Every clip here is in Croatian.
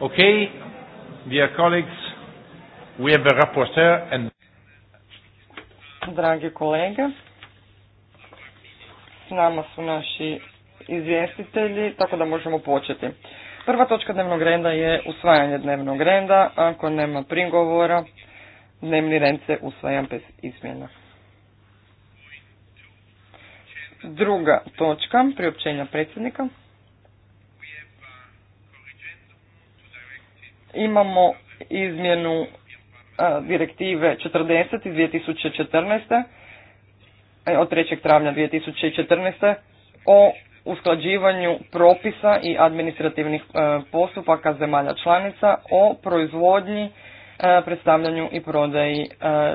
Ok, dear colleagues, we have rapporteur and... Dragi kolege, s nama su naši izvjestitelji, tako da možemo početi. Prva točka dnevnog reda je usvajanje dnevnog reda. Ako nema prigovora, dnevni red se usvaja bez izmjena. Druga točka, priopćenja predsjednika. imamo izmjenu direktive 40 iz 2014. E, od 3. travnja 2014. o usklađivanju propisa i administrativnih e, postupaka zemalja članica o proizvodnji, e, predstavljanju i prodaji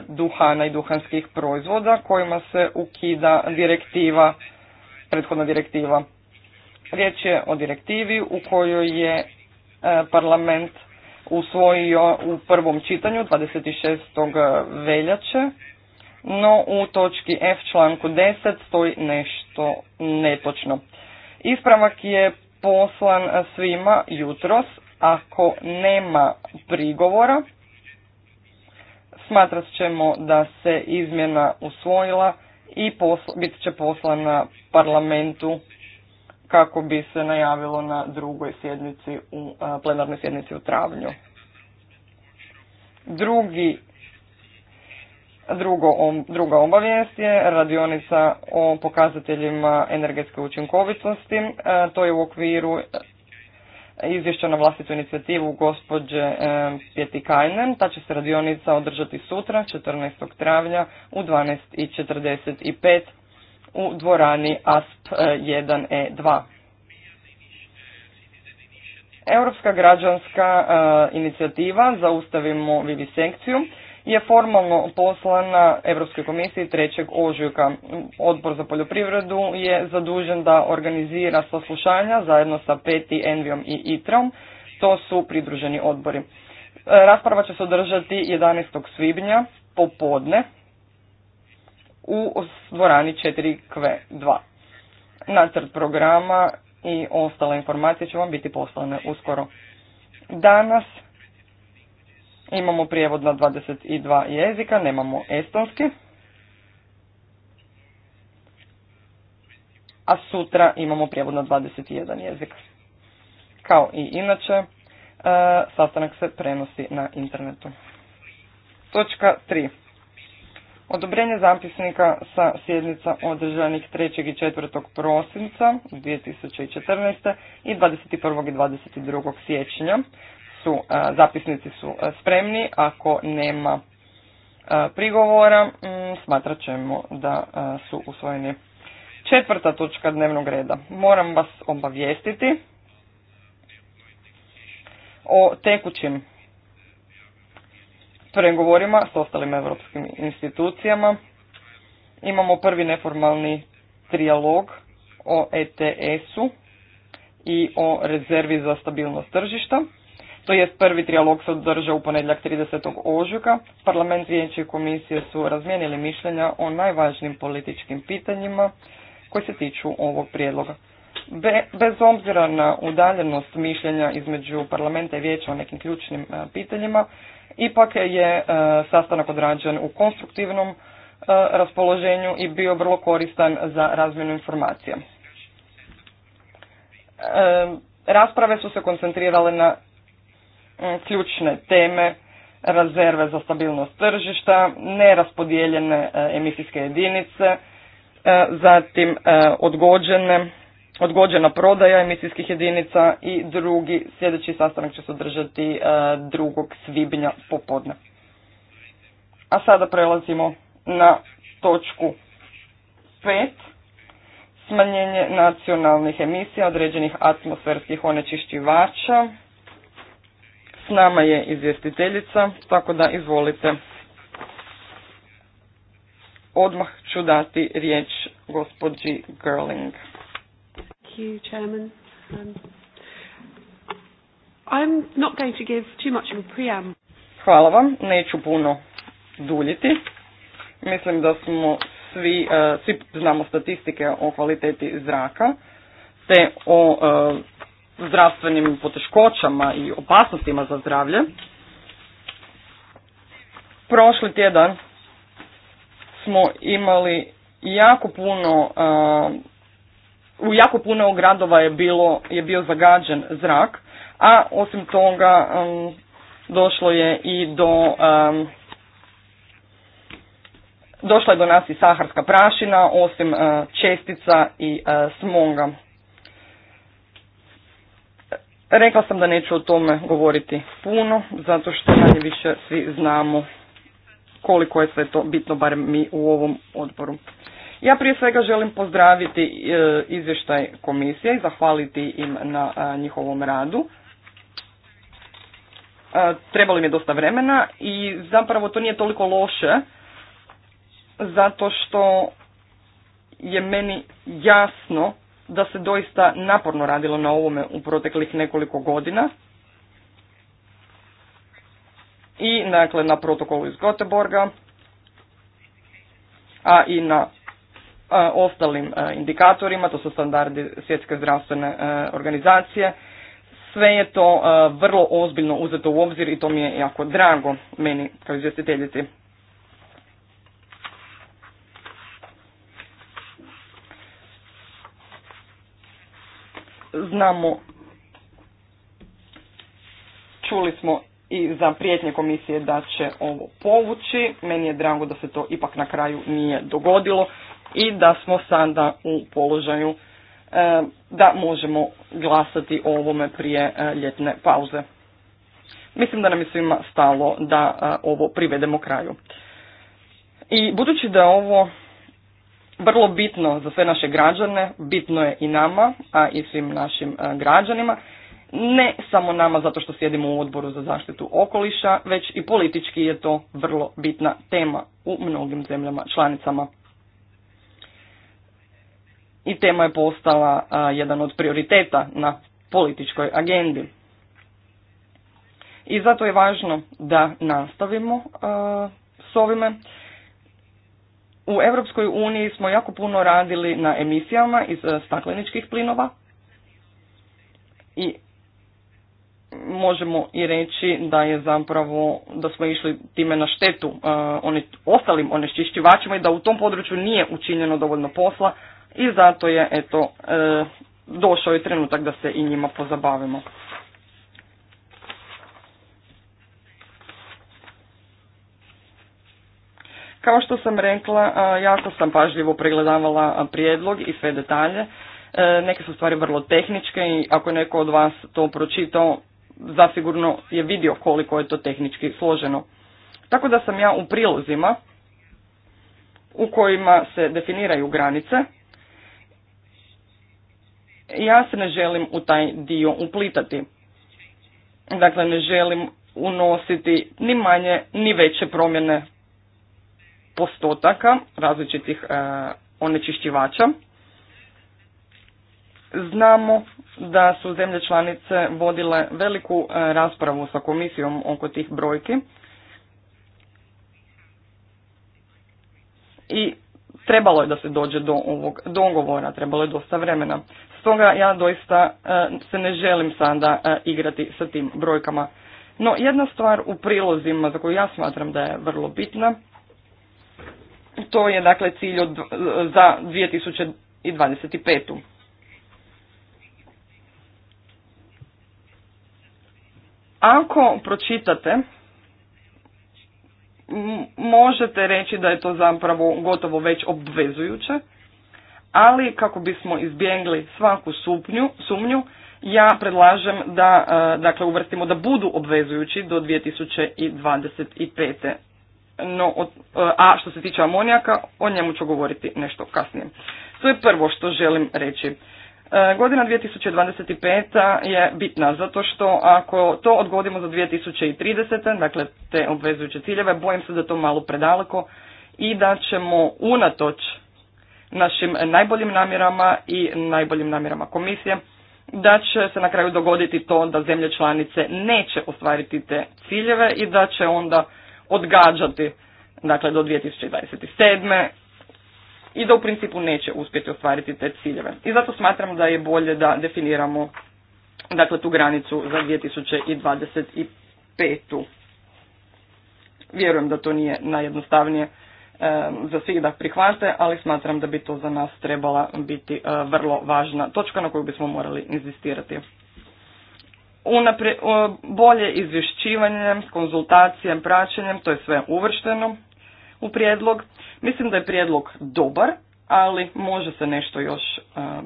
duhana i duhanskih proizvoda kojima se ukida direktiva, prethodna direktiva. Riječ je o direktivi u kojoj je parlament usvojio u prvom čitanju 26. Eh, veljače, no u točki F članku 10 stoji nešto netočno. Ispravak je poslan svima jutros, ako nema prigovora, smatrat ćemo da se izmjena usvojila i bit će poslana parlamentu kako bi se najavilo na drugoj sjednici u plenarnoj sjednici u travnju. Drugi Drugo, druga obavijest je radionica o pokazateljima energetske učinkovitosti. E, to je u okviru e, izvješća na vlastitu inicijativu gospođe e, Pjeti Kajnen. Ta će se radionica održati sutra, 14. travnja u 12.45 u dvorani ASP 1E2. E Europska građanska e, inicijativa Zaustavimo vivisekciju je formalno poslana Europskoj komisiji 3. ožujka. Odbor za poljoprivredu je zadužen da organizira saslušanja zajedno sa Peti, Envijom i Itrom. To su pridruženi odbori. E, rasprava će se održati 11. svibnja popodne u dvorani 4Q2. Nacrt programa i ostale informacije će vam biti poslane uskoro. Danas imamo prijevod na 22 jezika, nemamo estonski. A sutra imamo prijevod na 21 jezik. Kao i inače, e, sastanak se prenosi na internetu. Točka 3. Odobrenje zapisnika sa sjednica održanih 3. i 4. prosinca 2014. i 21. i 22. siječnja su, e, zapisnici su e, spremni. Ako nema e, prigovora, smatrat ćemo da su usvojeni. Četvrta točka dnevnog reda. Moram vas obavijestiti o tekućim pregovorima s ostalim europskim institucijama. Imamo prvi neformalni trijalog o ETS-u i o rezervi za stabilnost tržišta. To je prvi trijalog se održao u ponedjeljak 30. ožujka. Parlament, vijeće i komisije su razmijenili mišljenja o najvažnijim političkim pitanjima koji se tiču ovog prijedloga. bez obzira na udaljenost mišljenja između parlamenta i vijeća o nekim ključnim pitanjima, Ipak je e, sastanak odrađen u konstruktivnom e, raspoloženju i bio vrlo koristan za razmjenu informacija. E, rasprave su se koncentrirale na ključne teme, rezerve za stabilnost tržišta, neraspodijeljene emisijske jedinice, zatim odgođene odgođena prodaja emisijskih jedinica i drugi sljedeći sastanak će se održati e, drugog svibnja popodne. A sada prelazimo na točku 5. Smanjenje nacionalnih emisija određenih atmosferskih onečišćivača. S nama je izvjestiteljica, tako da izvolite. Odmah ću dati riječ gospođi girling you, Chairman. Um, I'm not going to give too much of Hvala vam, neću puno duljiti. Mislim da smo svi, e, svi znamo statistike o kvaliteti zraka, te o e, zdravstvenim poteškoćama i opasnostima za zdravlje. Prošli tjedan smo imali jako puno e, u jako puno gradova je, bilo, je bio zagađen zrak, a osim toga došlo je i do... došla je do nas i saharska prašina, osim e, čestica i e, smonga. Rekla sam da neću o tome govoriti puno, zato što manje više svi znamo koliko je sve to bitno, barem mi u ovom odboru. Ja prije svega želim pozdraviti e, izvještaj komisije i zahvaliti im na e, njihovom radu. E, trebalo im je dosta vremena i zapravo to nije toliko loše zato što je meni jasno da se doista naporno radilo na ovome u proteklih nekoliko godina. I dakle na protokolu iz Göteborga, a i na ostalim indikatorima, to su standardi svjetske zdravstvene e, organizacije. Sve je to e, vrlo ozbiljno uzeto u obzir i to mi je jako drago meni kao izvjestiteljici. Znamo, čuli smo i za prijetnje komisije da će ovo povući. Meni je drago da se to ipak na kraju nije dogodilo i da smo sada u položaju e, da možemo glasati o ovome prije e, ljetne pauze. Mislim da nam je svima stalo da e, ovo privedemo kraju. I budući da je ovo vrlo bitno za sve naše građane, bitno je i nama, a i svim našim građanima, ne samo nama zato što sjedimo u odboru za zaštitu okoliša, već i politički je to vrlo bitna tema u mnogim zemljama članicama i tema je postala jedan od prioriteta na političkoj agendi. I zato je važno da nastavimo a, s ovime. U Europskoj uniji smo jako puno radili na emisijama iz e, stakleničkih plinova i možemo i reći da je zapravo da smo išli time na štetu e, ostalim onečišćivačima i da u tom području nije učinjeno dovoljno posla, i zato je eto e, došao je trenutak da se i njima pozabavimo. Kao što sam rekla, e, jako sam pažljivo pregledavala prijedlog i sve detalje. E, neke su stvari vrlo tehničke i ako je neko od vas to pročitao, zasigurno je vidio koliko je to tehnički složeno. Tako da sam ja u prilozima u kojima se definiraju granice, ja se ne želim u taj dio uplitati. Dakle, ne želim unositi ni manje ni veće promjene postotaka različitih e, onečišćivača. Znamo da su zemlje članice vodile veliku e, raspravu sa komisijom oko tih brojki. I trebalo je da se dođe do ovog dogovora, trebalo je dosta vremena. Stoga ja doista e, se ne želim sada e, igrati sa tim brojkama. No jedna stvar u prilozima za koju ja smatram da je vrlo bitna, to je dakle cilj od, e, za 2025. Ako pročitate možete reći da je to zapravo gotovo već obvezujuće, ali kako bismo izbjegli svaku supnju, sumnju, ja predlažem da e, dakle, uvrstimo da budu obvezujući do 2025. No, e, a što se tiče amonijaka, o njemu ću govoriti nešto kasnije. To je prvo što želim reći. E, godina 2025. je bitna zato što ako to odgodimo za 2030. dakle te obvezujuće ciljeve, bojim se da to malo predaleko i da ćemo unatoč našim najboljim namjerama i najboljim namjerama komisije, da će se na kraju dogoditi to da zemlje članice neće ostvariti te ciljeve i da će onda odgađati dakle do 2027 i da u principu neće uspjeti ostvariti te ciljeve. I zato smatram da je bolje da definiramo dakle, tu granicu za 2025. Vjerujem da to nije najjednostavnije za svih da prihvate, ali smatram da bi to za nas trebala biti e, vrlo važna točka na koju bismo morali inzistirati. Unapre, bolje izvješćivanjem, konzultacijem, praćenjem, to je sve uvršteno u prijedlog. Mislim da je prijedlog dobar, ali može se nešto još e,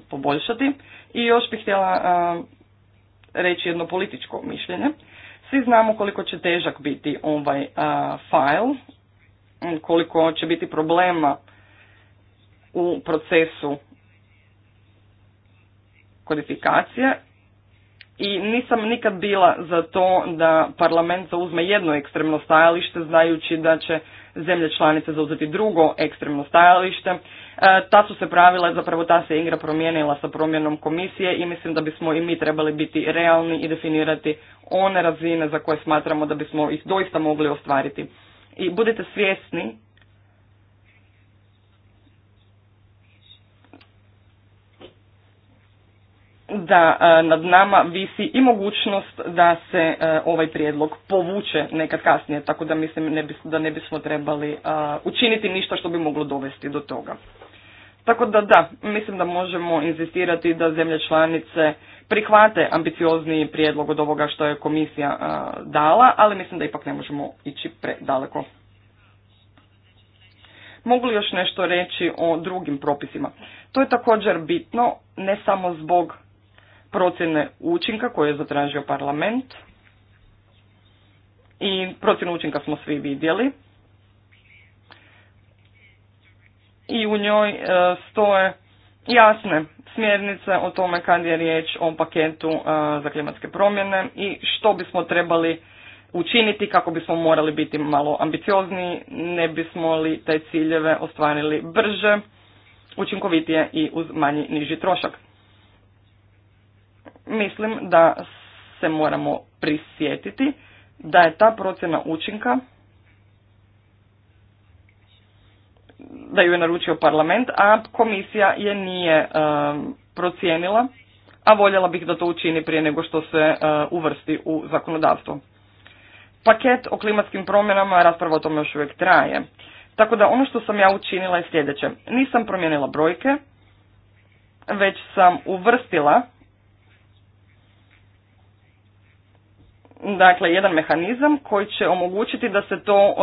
poboljšati. I još bih htjela e, reći jedno političko mišljenje. Svi znamo koliko će težak biti ovaj uh, koliko će biti problema u procesu kodifikacije i nisam nikad bila za to da parlament zauzme jedno ekstremno stajalište znajući da će zemlje članice zauzeti drugo ekstremno stajalište. E, ta su se pravila, zapravo ta se igra promijenila sa promjenom komisije i mislim da bismo i mi trebali biti realni i definirati one razine za koje smatramo da bismo ih doista mogli ostvariti. I budite svjesni da e, nad nama visi i mogućnost da se e, ovaj prijedlog povuče nekad kasnije, tako da mislim ne da ne bismo trebali e, učiniti ništa što bi moglo dovesti do toga. Tako da da, mislim da možemo inzistirati da zemlje članice prihvate ambiciozniji prijedlog od ovoga što je komisija dala, ali mislim da ipak ne možemo ići predaleko. Mogu li još nešto reći o drugim propisima? To je također bitno ne samo zbog procjene učinka koje je zatražio parlament i procjenu učinka smo svi vidjeli. I u njoj e, stoje jasne smjernice o tome kad je riječ o paketu e, za klimatske promjene i što bismo trebali učiniti kako bismo morali biti malo ambiciozniji, ne bismo li te ciljeve ostvarili brže, učinkovitije i uz manji niži trošak mislim da se moramo prisjetiti da je ta procjena učinka da ju je naručio parlament, a komisija je nije e, procijenila, a voljela bih da to učini prije nego što se e, uvrsti u zakonodavstvo. Paket o klimatskim promjenama, rasprava o tome još uvijek traje. Tako da ono što sam ja učinila je sljedeće. Nisam promijenila brojke, već sam uvrstila dakle jedan mehanizam koji će omogućiti da se to e,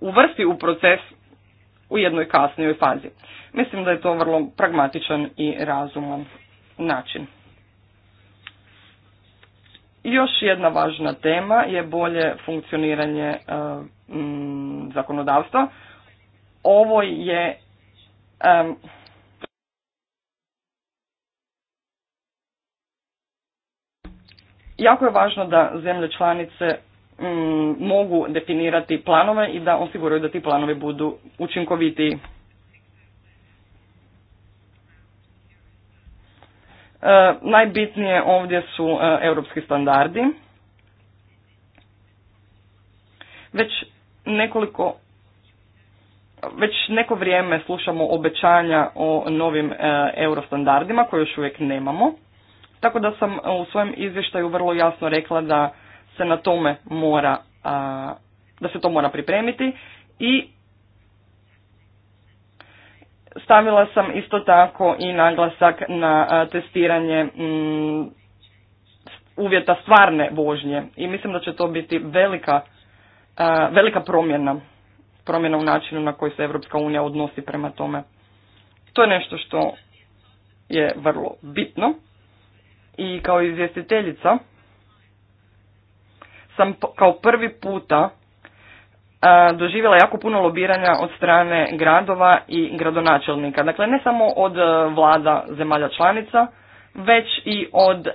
uvrsti u proces u jednoj kasnijoj fazi. Mislim da je to vrlo pragmatičan i razuman način. Još jedna važna tema je bolje funkcioniranje e, zakonodavstva. Ovo je Jako je važno da zemlje članice mm, mogu definirati planove i da osiguraju da ti planovi budu učinkovitiji. E, najbitnije ovdje su e, europski standardi. Već nekoliko već neko vrijeme slušamo obećanja o novim e, eurostandardima koje još uvijek nemamo. Tako da sam u svojem izvještaju vrlo jasno rekla da se na tome mora, da se to mora pripremiti i stavila sam isto tako i naglasak na testiranje mm, uvjeta stvarne vožnje i mislim da će to biti velika, velika promjena, promjena u načinu na koji se Europska unija odnosi prema tome. To je nešto što je vrlo bitno i kao izvjestiteljica sam kao prvi puta doživjela jako puno lobiranja od strane gradova i gradonačelnika. Dakle, ne samo od e, vlada zemalja članica, već i od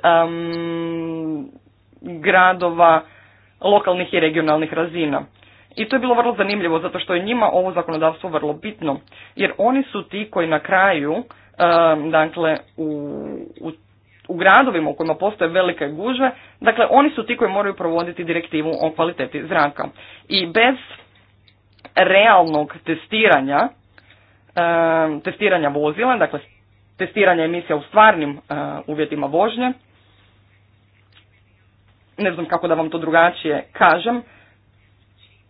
gradova lokalnih i regionalnih razina. I to je bilo vrlo zanimljivo zato što je njima ovo zakonodavstvo vrlo bitno jer oni su ti koji na kraju dakle u, u u gradovima u kojima postoje velike gužve, dakle oni su ti koji moraju provoditi direktivu o kvaliteti zraka. I bez realnog testiranja, testiranja vozila, dakle testiranja emisija u stvarnim eh, uvjetima vožnje, ne znam kako da vam to drugačije kažem,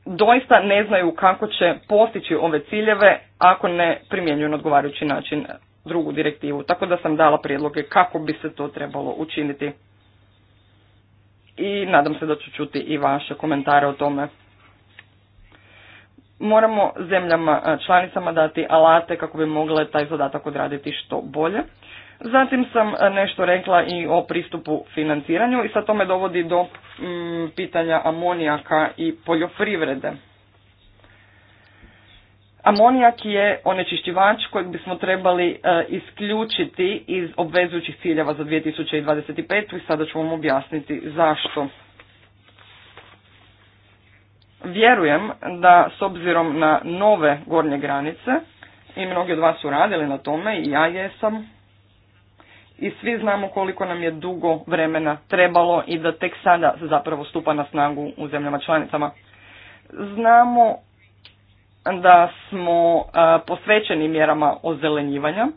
doista ne znaju kako će postići ove ciljeve ako ne primjenjuju na odgovarajući način drugu direktivu. Tako da sam dala prijedloge kako bi se to trebalo učiniti. I nadam se da ću čuti i vaše komentare o tome. Moramo zemljama članicama dati alate kako bi mogle taj zadatak odraditi što bolje. Zatim sam nešto rekla i o pristupu financiranju i sa tome dovodi do mm, pitanja amonijaka i poljoprivrede. Amonijak je onečišćivač kojeg bismo trebali e, isključiti iz obvezujućih ciljeva za 2025. i sada ću vam objasniti zašto. Vjerujem da s obzirom na nove gornje granice, i mnogi od vas su radili na tome i ja jesam, i svi znamo koliko nam je dugo vremena trebalo i da tek sada zapravo stupa na snagu u zemljama članicama. Znamo da smo posvećeni mjerama ozelenjivanja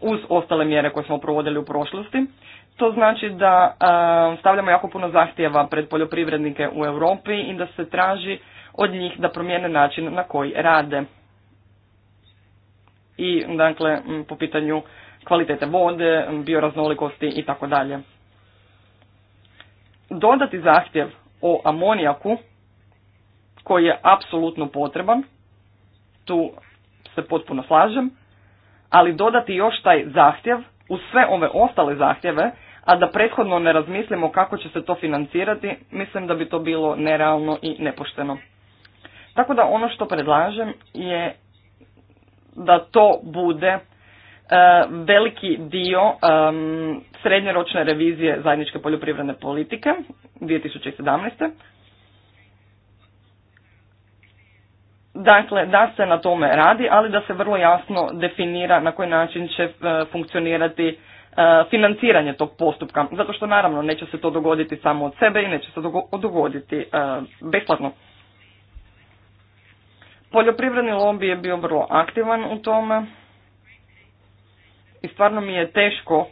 uz ostale mjere koje smo provodili u prošlosti. To znači da stavljamo jako puno zahtjeva pred poljoprivrednike u Europi i da se traži od njih da promijene način na koji rade. I dakle po pitanju kvalitete vode, bioraznolikosti i tako dalje. Dodati zahtjev o amonijaku koji je apsolutno potreban, tu se potpuno slažem, ali dodati još taj zahtjev uz sve ove ostale zahtjeve, a da prethodno ne razmislimo kako će se to financirati, mislim da bi to bilo nerealno i nepošteno. Tako da ono što predlažem je da to bude e, veliki dio srednjoročne srednjeročne revizije zajedničke poljoprivredne politike 2017. Dakle, da se na tome radi, ali da se vrlo jasno definira na koji način će e, funkcionirati e, financiranje tog postupka. Zato što naravno neće se to dogoditi samo od sebe i neće se dogoditi e, besplatno. Poljoprivredni lobby je bio vrlo aktivan u tome i stvarno mi je teško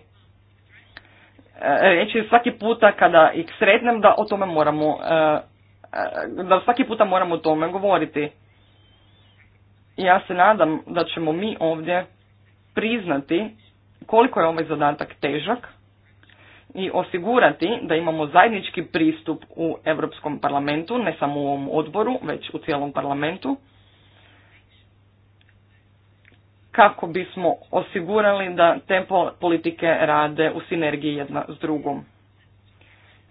reći svaki puta kada ih sretnem da o tome moramo da svaki puta moramo o tome govoriti ja se nadam da ćemo mi ovdje priznati koliko je ovaj zadatak težak i osigurati da imamo zajednički pristup u Europskom parlamentu, ne samo u ovom odboru, već u cijelom parlamentu, kako bismo osigurali da te politike rade u sinergiji jedna s drugom.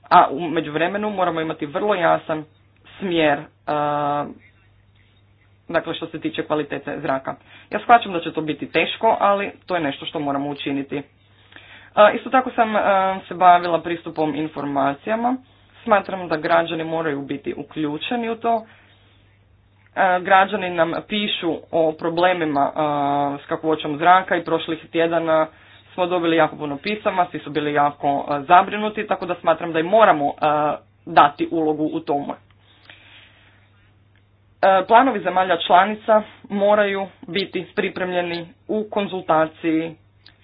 A u međuvremenu moramo imati vrlo jasan smjer uh, dakle što se tiče kvalitete zraka. Ja shvaćam da će to biti teško, ali to je nešto što moramo učiniti. E, isto tako sam e, se bavila pristupom informacijama. Smatram da građani moraju biti uključeni u to. E, građani nam pišu o problemima s kakvoćom zraka i prošlih tjedana smo dobili jako puno pisama, svi su bili jako zabrinuti, tako da smatram da i moramo dati ulogu u tomu. E, planovi zemalja članica moraju biti pripremljeni u konzultaciji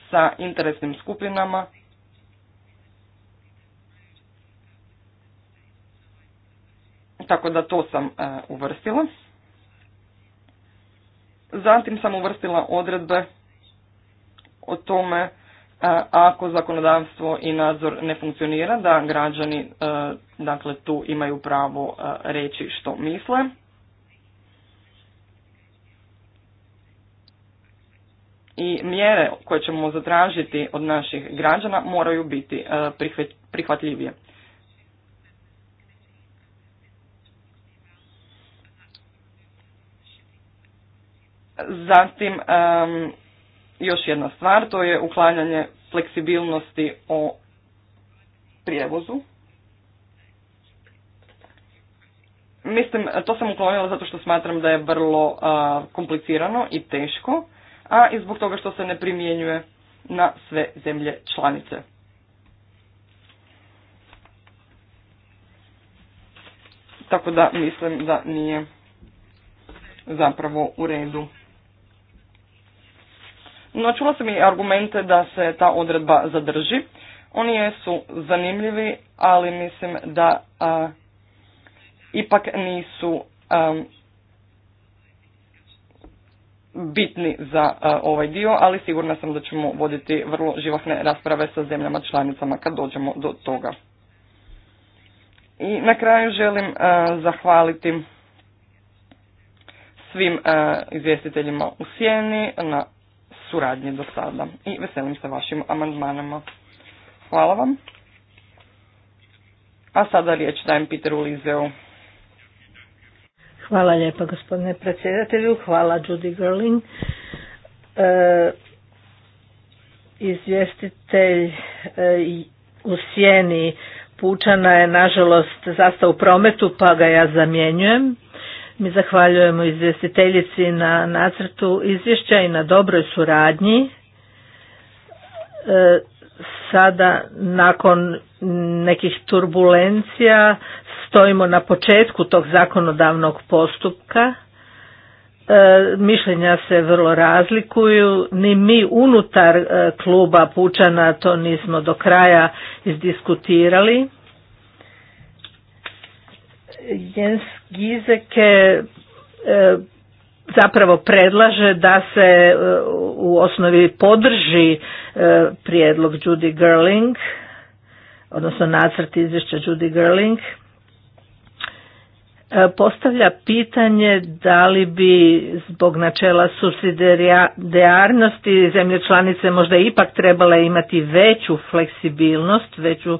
sa interesnim skupinama tako da to sam e, uvrstila. Zatim sam uvrstila odredbe o tome e, ako zakonodavstvo i nadzor ne funkcionira, da građani dakle tu imaju pravo reći što misle. i mjere koje ćemo zatražiti od naših građana moraju biti e, prihvatljivije. Zatim, još jedna stvar, to je uklanjanje fleksibilnosti o prijevozu. Mislim, to sam uklonila zato što smatram da je vrlo komplicirano i teško a i zbog toga što se ne primjenjuje na sve zemlje članice. Tako da mislim da nije zapravo u redu. No čula sam i argumente da se ta odredba zadrži. Oni jesu zanimljivi, ali mislim da a, ipak nisu Mm. bitni za ovaj dio, ali sigurna sam da ćemo voditi vrlo živahne rasprave sa zemljama članicama kad dođemo do toga. I na kraju želim zahvaliti svim izvjestiteljima u Sjeni na suradnji do sada i veselim se vašim amandmanama. Hvala vam. A sada riječ dajem Peteru Lizeu. Hvala lijepa gospodine predsjedatelju, hvala Judy Gerling. E, izvjestitelj e, u sjeni Pučana je nažalost zastao u prometu pa ga ja zamjenjujem. Mi zahvaljujemo izvjestiteljici na nacrtu izvješća i na dobroj suradnji. E, sada nakon nekih turbulencija stojimo na početku tog zakonodavnog postupka. E, mišljenja se vrlo razlikuju, ni mi unutar e, kluba Pučana to nismo do kraja izdiskutirali. Jens Gizeke e, zapravo predlaže da se e, u osnovi podrži prijedlog Judy Gerling, odnosno nacrt izvješća Judy Girling. E, postavlja pitanje da li bi zbog načela subsidijarnosti zemlje članice možda ipak trebale imati veću fleksibilnost, veću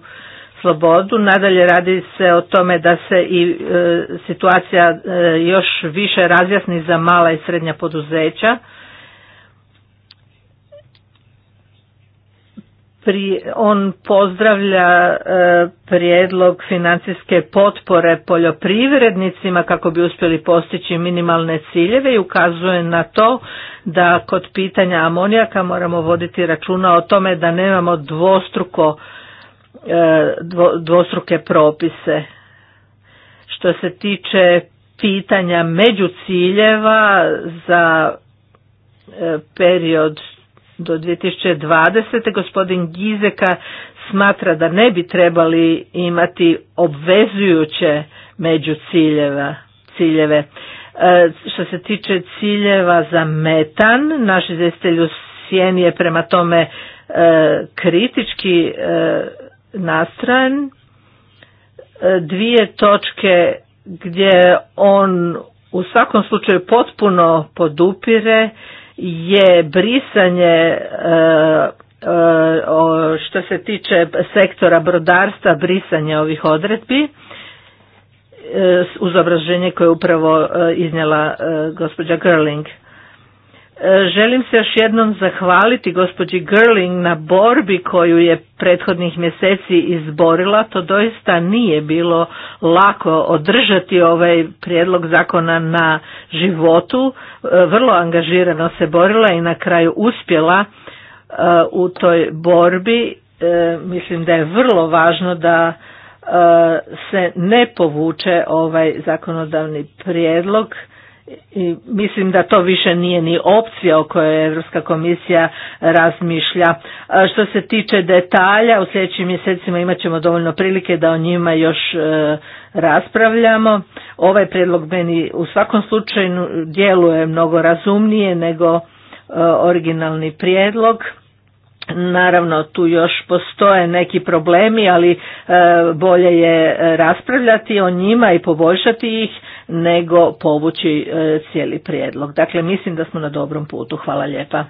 slobodu. Nadalje radi se o tome da se i e, situacija e, još više razjasni za mala i srednja poduzeća. pri, on pozdravlja e, prijedlog financijske potpore poljoprivrednicima kako bi uspjeli postići minimalne ciljeve i ukazuje na to da kod pitanja amonijaka moramo voditi računa o tome da nemamo dvostruko e, dvostruke propise. Što se tiče pitanja među ciljeva za e, period do 2020. Gospodin Gizeka smatra da ne bi trebali imati obvezujuće među ciljeva, ciljeve. E, što se tiče ciljeva za metan, naš izvjestitelj u je prema tome e, kritički e, e, Dvije točke gdje on u svakom slučaju potpuno podupire je brisanje e, e, što se tiče sektora brodarstva, brisanje ovih odredbi e, uz obraženje koje je upravo iznjela gospođa Gerling. Želim se još jednom zahvaliti gospođi girling na borbi koju je prethodnih mjeseci izborila. To doista nije bilo lako održati ovaj prijedlog zakona na životu. E, vrlo angažirano se borila i na kraju uspjela e, u toj borbi. E, mislim da je vrlo važno da se ne povuče ovaj zakonodavni prijedlog i mislim da to više nije ni opcija o kojoj Europska komisija razmišlja. E, što se tiče detalja, u sljedećim mjesecima imat ćemo dovoljno prilike da o njima još e, raspravljamo. Ovaj prijedlog meni u svakom slučaju djeluje mnogo razumnije nego e, originalni prijedlog. Naravno, tu još postoje neki problemi, ali e, bolje je raspravljati o njima i poboljšati ih nego povući e, cijeli prijedlog. Dakle, mislim da smo na dobrom putu. Hvala lijepa.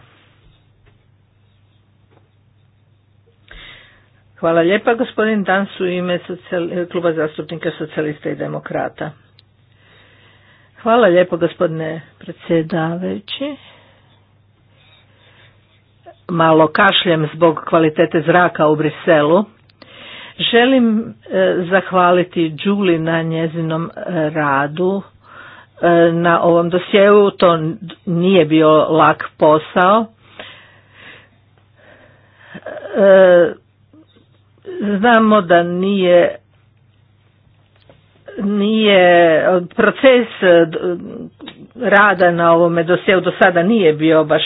Hvala lijepa gospodin Dansu u ime Kluba zastupnika socijalista i demokrata. Hvala lijepo gospodine predsjedavajući malo kašljem zbog kvalitete zraka u Briselu. Želim e, zahvaliti Đuli na njezinom e, radu e, na ovom dosjeu. To nije bio lak posao. znamo da nije nije proces rada na ovome dosjeu do sada nije bio baš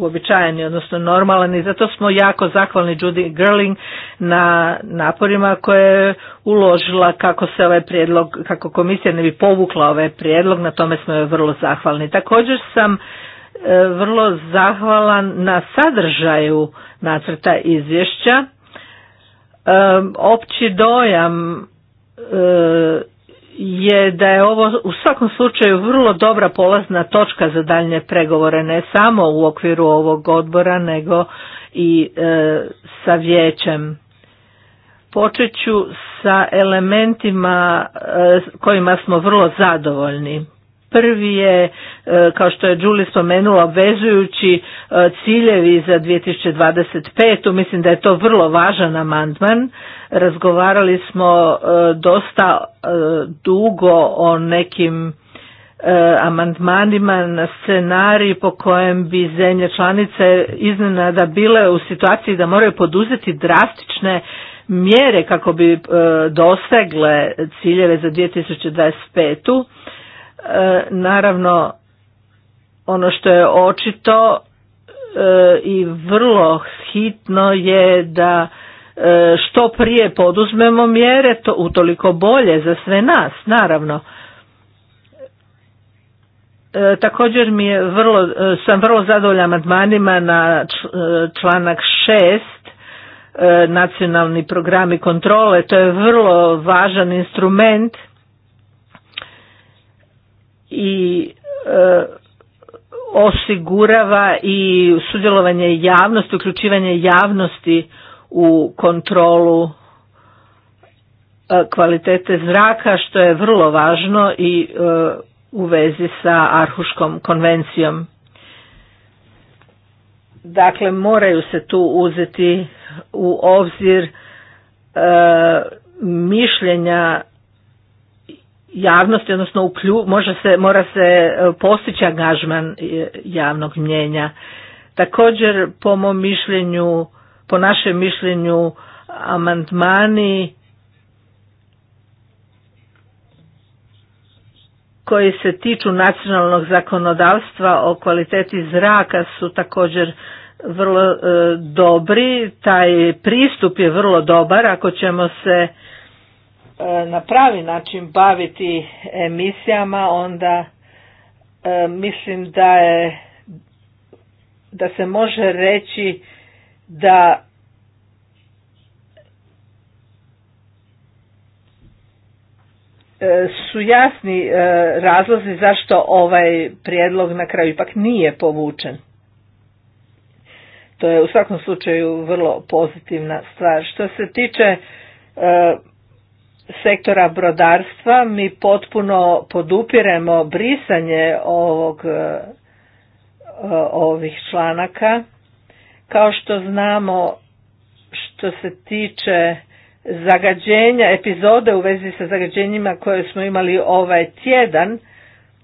uobičajeni, odnosno normalan i zato smo jako zahvalni Judy Girling na naporima koje je uložila kako se ovaj prijedlog, kako komisija ne bi povukla ovaj prijedlog, na tome smo joj vrlo zahvalni. Također sam e, vrlo zahvalan na sadržaju nacrta izvješća. E, opći dojam e, je da je ovo u svakom slučaju vrlo dobra polazna točka za daljnje pregovore, ne samo u okviru ovog odbora, nego i e, sa vijećem. Počet ću sa elementima e, kojima smo vrlo zadovoljni. Prvi je, e, kao što je Julie spomenula, obvezujući e, ciljevi za 2025. Mislim da je to vrlo važan amandman. Razgovarali smo e, dosta dugo o nekim amandmanima na scenarij po kojem bi zemlje članice iznenada bile u situaciji da moraju poduzeti drastične mjere kako bi dosegle ciljeve za 2025. E, naravno, ono što je očito e, i vrlo hitno je da e, što prije poduzmemo mjere, to utoliko bolje za sve nas, naravno. E, također mi je vrlo, sam vrlo zadovoljan amandmanima na članak 6 e, nacionalni programi kontrole, to je vrlo važan instrument i e, osigurava i sudjelovanje javnosti, uključivanje javnosti u kontrolu e, kvalitete zraka što je vrlo važno i e, u vezi sa Arhuškom konvencijom. Dakle, moraju se tu uzeti u obzir mišljenja javnosti, odnosno uklju, može se, mora se e, postići angažman e, javnog mnjenja. Također, po mom mišljenju, po našem mišljenju, amandmani koji se tiču nacionalnog zakonodavstva o kvaliteti zraka su također vrlo e, dobri, taj pristup je vrlo dobar ako ćemo se E, na pravi način baviti emisijama, onda e, mislim da je da se može reći da e, su jasni razlozi zašto ovaj prijedlog na kraju ipak nije povučen. To je u svakom slučaju vrlo pozitivna stvar. Što se tiče sektora brodarstva mi potpuno podupiremo brisanje ovog e, ovih članaka kao što znamo što se tiče zagađenja epizode u vezi sa zagađenjima koje smo imali ovaj tjedan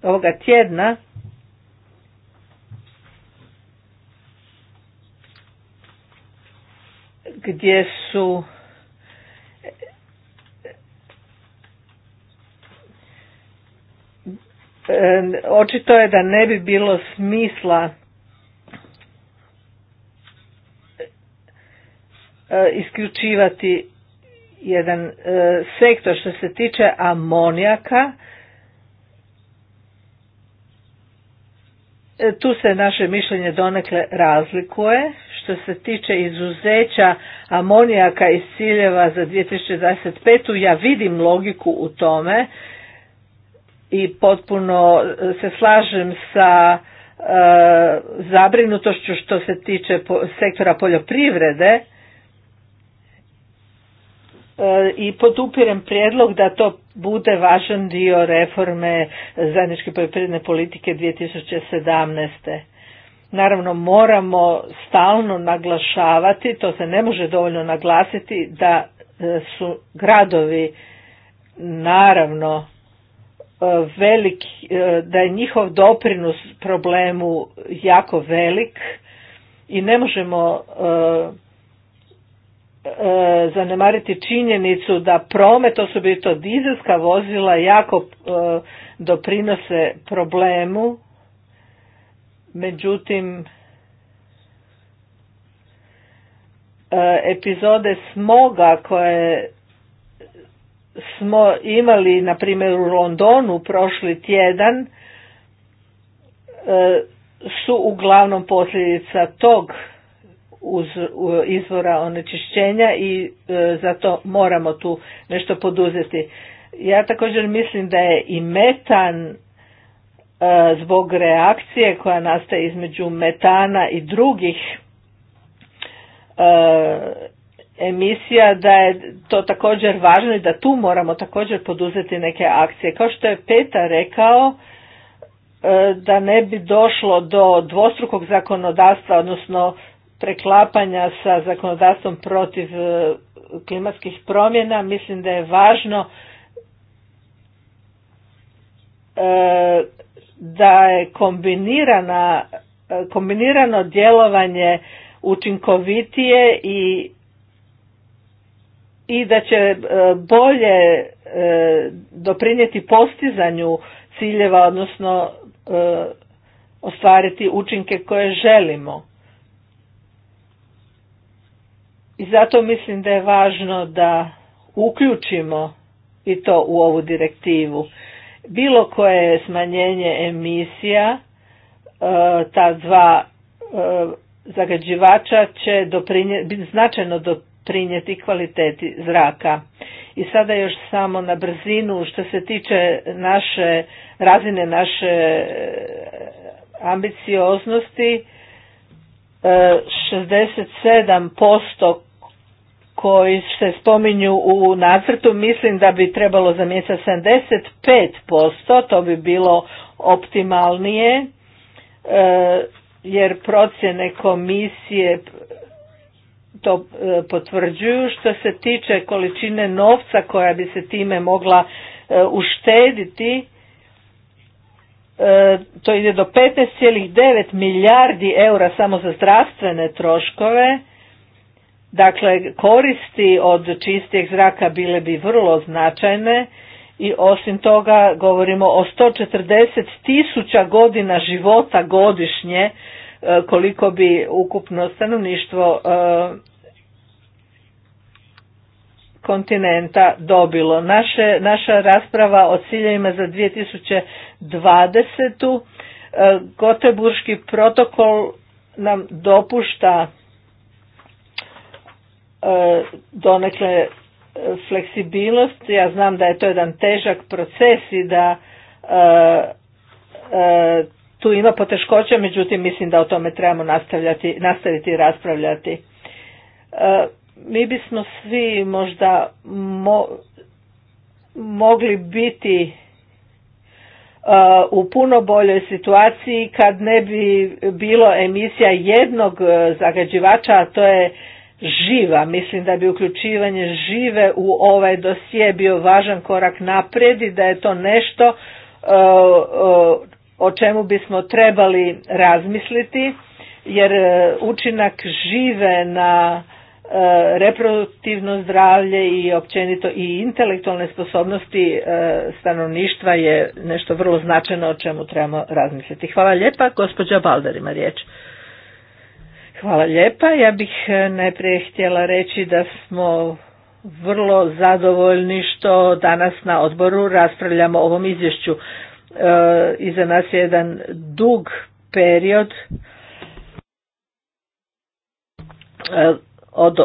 ovoga tjedna gdje su očito je da ne bi bilo smisla e, isključivati jedan e, sektor što se tiče amonijaka. E, tu se naše mišljenje donekle razlikuje. Što se tiče izuzeća amonijaka iz ciljeva za 2025. ja vidim logiku u tome i potpuno e, se slažem sa e, zabrinutošću što se tiče sektora poljoprivrede e, i podupirem prijedlog da to bude važan dio reforme zajedničke poljoprivredne politike 2017. Naravno moramo stalno naglašavati, to se ne može dovoljno naglasiti, da su gradovi naravno velik, e, da je njihov doprinos problemu jako velik i ne možemo e, e, zanemariti činjenicu da promet, osobito dizelska vozila, jako doprinose problemu. Međutim, epizode smoga koje smo imali, na primjer, u Londonu prošli tjedan, e, su uglavnom posljedica tog uz izvora onečišćenja i e, zato moramo tu nešto poduzeti. Ja također mislim da je i metan e, zbog reakcije koja nastaje između metana i drugih emisija da je to također važno i da tu moramo također poduzeti neke akcije. Kao što je Peta rekao, e, da ne bi došlo do dvostrukog zakonodavstva, odnosno preklapanja sa zakonodavstvom protiv e, klimatskih promjena, mislim da je važno e, da je kombinirana, kombinirano djelovanje učinkovitije i i da će e, bolje e, doprinijeti postizanju ciljeva, odnosno e, ostvariti učinke koje želimo. I zato mislim da je važno da uključimo i to u ovu direktivu. Bilo koje je smanjenje emisija, ta dva zagađivača će doprinijeti značajno doprinjeti prinijeti kvaliteti zraka. I sada još samo na brzinu što se tiče naše razine naše e, ambicioznosti 67% e, koji se spominju u nacrtu mislim da bi trebalo zamijeniti sa 75%, to bi bilo optimalnije e, jer procjene komisije to e, potvrđuju. Što se tiče količine novca koja bi se time mogla e, uštediti, e, to ide do 15,9 milijardi eura samo za zdravstvene troškove. Dakle, koristi od čistijeg zraka bile bi vrlo značajne i osim toga govorimo o 140 tisuća godina života godišnje koliko bi ukupno stanovništvo kontinenta dobilo. Naše, naša rasprava o ciljevima za 2020. E, Goteburški protokol nam dopušta e, donekle e, fleksibilnost. Ja znam da je to jedan težak proces i da tu ima poteškoća, međutim mislim da o tome trebamo nastaviti raspravljati mi bismo svi možda mo, mogli biti e, u puno boljoj situaciji kad ne bi bilo emisija jednog e, zagađivača, a to je živa. Mislim da bi uključivanje žive u ovaj dosije bio važan korak naprijed i da je to nešto e, o čemu bismo trebali razmisliti jer učinak žive na E, reproduktivno zdravlje i općenito i intelektualne sposobnosti e, stanovništva je nešto vrlo značajno o čemu trebamo razmisliti. Hvala lijepa, gospođa Balder ima riječ. Hvala lijepa, ja bih e, najprije htjela reći da smo vrlo zadovoljni što danas na odboru raspravljamo o ovom izvješću. Iza nas je jedan dug period od, e,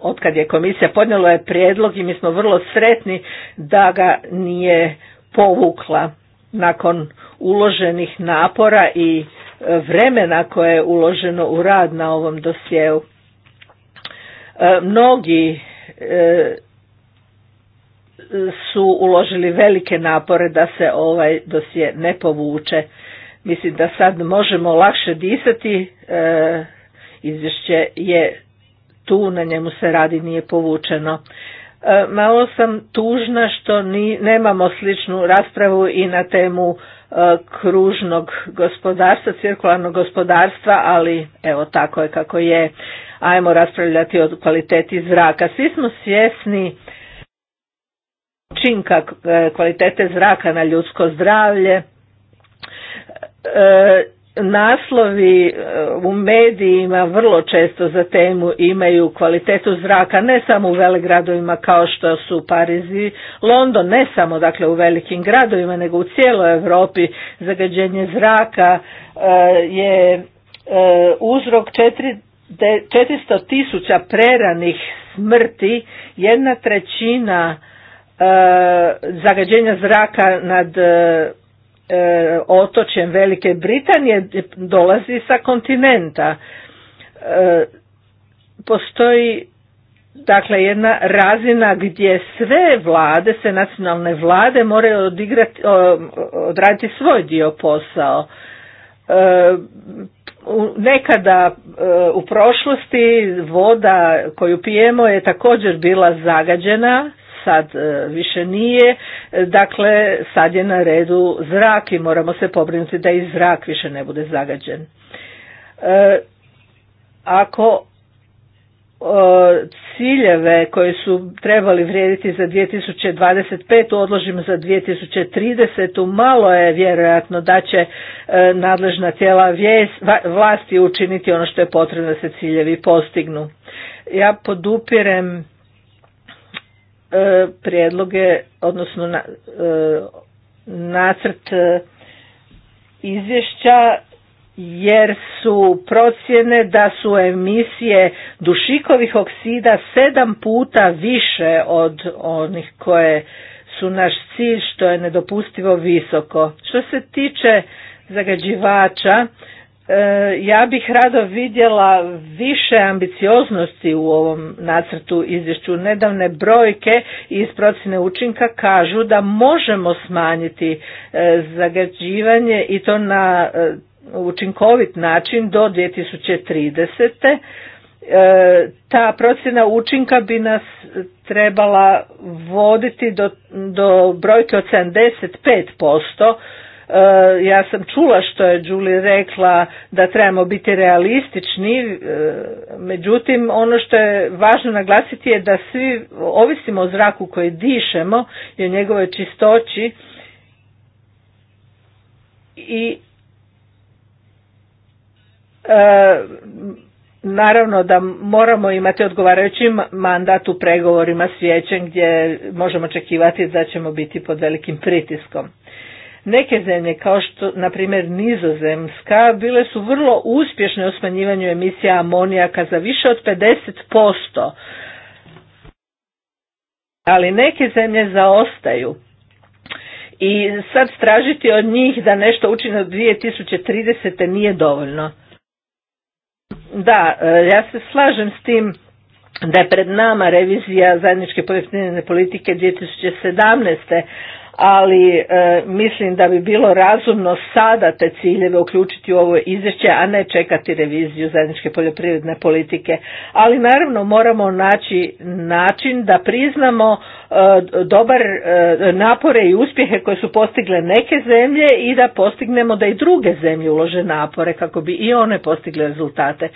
od kad je komisija podnijela je ovaj prijedlog i mi smo vrlo sretni da ga nije povukla nakon uloženih napora i e, vremena koje je uloženo u rad na ovom dosjeu. E, mnogi su uložili velike napore da se ovaj dosje ne povuče. Mislim da sad možemo lakše disati, izvješće je tu, na njemu se radi, nije povučeno. E, malo sam tužna što ni, nemamo sličnu raspravu i na temu e, kružnog gospodarstva, cirkularnog gospodarstva, ali evo tako je kako je. Ajmo raspravljati o kvaliteti zraka. Svi smo svjesni učinka e, kvalitete zraka na ljudsko zdravlje naslovi e, u medijima vrlo često za temu imaju kvalitetu zraka ne samo u gradovima kao što su Pariz i London, ne samo dakle u velikim gradovima nego u cijeloj Europi zagađenje zraka e, je e, uzrok 400 tisuća preranih smrti, jedna trećina zagađenja zraka nad E, otočjem Velike Britanije dolazi sa kontinenta. E, postoji dakle jedna razina gdje sve vlade, sve nacionalne vlade moraju odigrati, odraditi svoj dio posao. E, nekada u prošlosti voda koju pijemo je također bila zagađena sad e, više nije. E, dakle, sad je na redu zrak i moramo se pobrinuti da i zrak više ne bude zagađen. E, ako ciljeve koje su trebali vrijediti za 2025. odložimo za 2030. Malo je vjerojatno da će nadležna tijela vlasti učiniti ono što je potrebno da se ciljevi postignu. Ja podupirem E, prijedloge, odnosno na, e, nacrt e, izvješća jer su procjene da su emisije dušikovih oksida sedam puta više od onih koje su naš cilj što je nedopustivo visoko. Što se tiče zagađivača, E, ja bih rado vidjela više ambicioznosti u ovom nacrtu izvješću. Nedavne brojke iz procjene učinka kažu da možemo smanjiti e, zagađivanje i to na e, učinkovit način do 2030. Ta procjena učinka bi nas trebala voditi do, do brojke od 75%, Eh, ja sam čula što je Julie rekla da trebamo biti realistični, eh, međutim ono što je važno naglasiti je da svi ovisimo o zraku koji dišemo i o njegovoj čistoći i eh, naravno da moramo imati odgovarajući mandat u pregovorima s vijećem gdje možemo očekivati da ćemo biti pod velikim pritiskom. Neke zemlje kao što na primjer Nizozemska bile su vrlo uspješne u smanjivanju emisija amonijaka za više od 50%. Ali neke zemlje zaostaju. I sad stražiti od njih da nešto učine od 2030. nije dovoljno. Da, e, ja se slažem s tim da je pred nama revizija zajedničke poljoprivredne politike 2017 ali e, mislim da bi bilo razumno sada te ciljeve uključiti u ovo izvješće, a ne čekati reviziju zajedničke poljoprivredne politike. Ali naravno moramo naći način da priznamo e, dobar e, napore i uspjehe koje su postigle neke zemlje i da postignemo da i druge zemlje ulože napore kako bi i one postigle rezultate.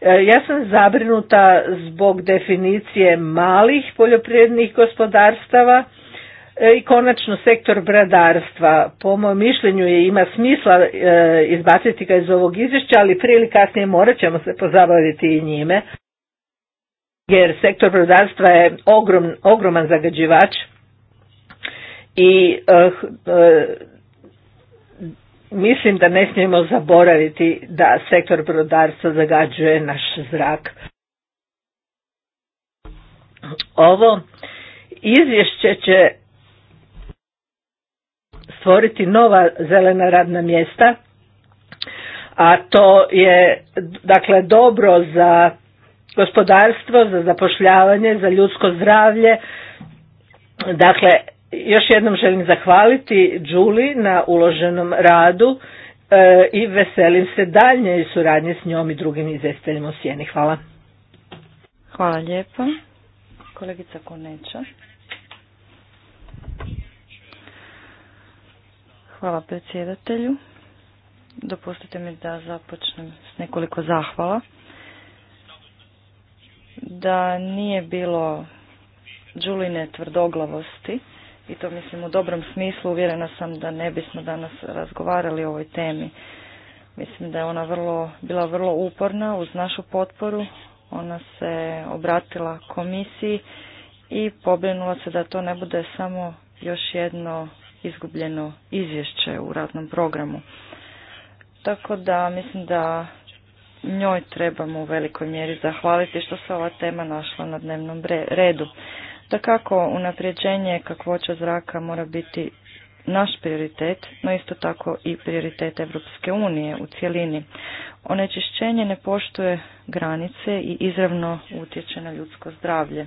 E, ja sam zabrinuta zbog definicije malih poljoprivrednih gospodarstava E, i konačno sektor bradarstva. Po mojem mišljenju je, ima smisla e, izbaciti ga iz ovog izvješća, ali prije ili kasnije morat ćemo se pozabaviti i njime. Jer sektor brodarstva je ogrom, ogroman zagađivač i e, mislim da ne smijemo zaboraviti da sektor brodarstva zagađuje naš zrak. Ovo izvješće će stvoriti nova zelena radna mjesta, a to je dakle dobro za gospodarstvo, za zapošljavanje, za ljudsko zdravlje. Dakle, još jednom želim zahvaliti Đuli na uloženom radu e, i veselim se dalje i suradnje s njom i drugim izvjestiteljima u Sjeni. Hvala. Hvala lijepo. Kolegica Koneča. Hvala predsjedatelju. Dopustite mi da započnem s nekoliko zahvala. Da nije bilo džuline tvrdoglavosti, i to mislim u dobrom smislu, uvjerena sam da ne bismo danas razgovarali o ovoj temi. Mislim da je ona vrlo, bila vrlo uporna uz našu potporu. Ona se obratila komisiji i pobrinula se da to ne bude samo još jedno izgubljeno izvješće u radnom programu. Tako da mislim da njoj trebamo u velikoj mjeri zahvaliti što se ova tema našla na dnevnom redu. Da kako unapređenje kakvoća zraka mora biti naš prioritet, no isto tako i prioritet Evropske unije u cjelini. Onečišćenje ne poštuje granice i izravno utječe na ljudsko zdravlje.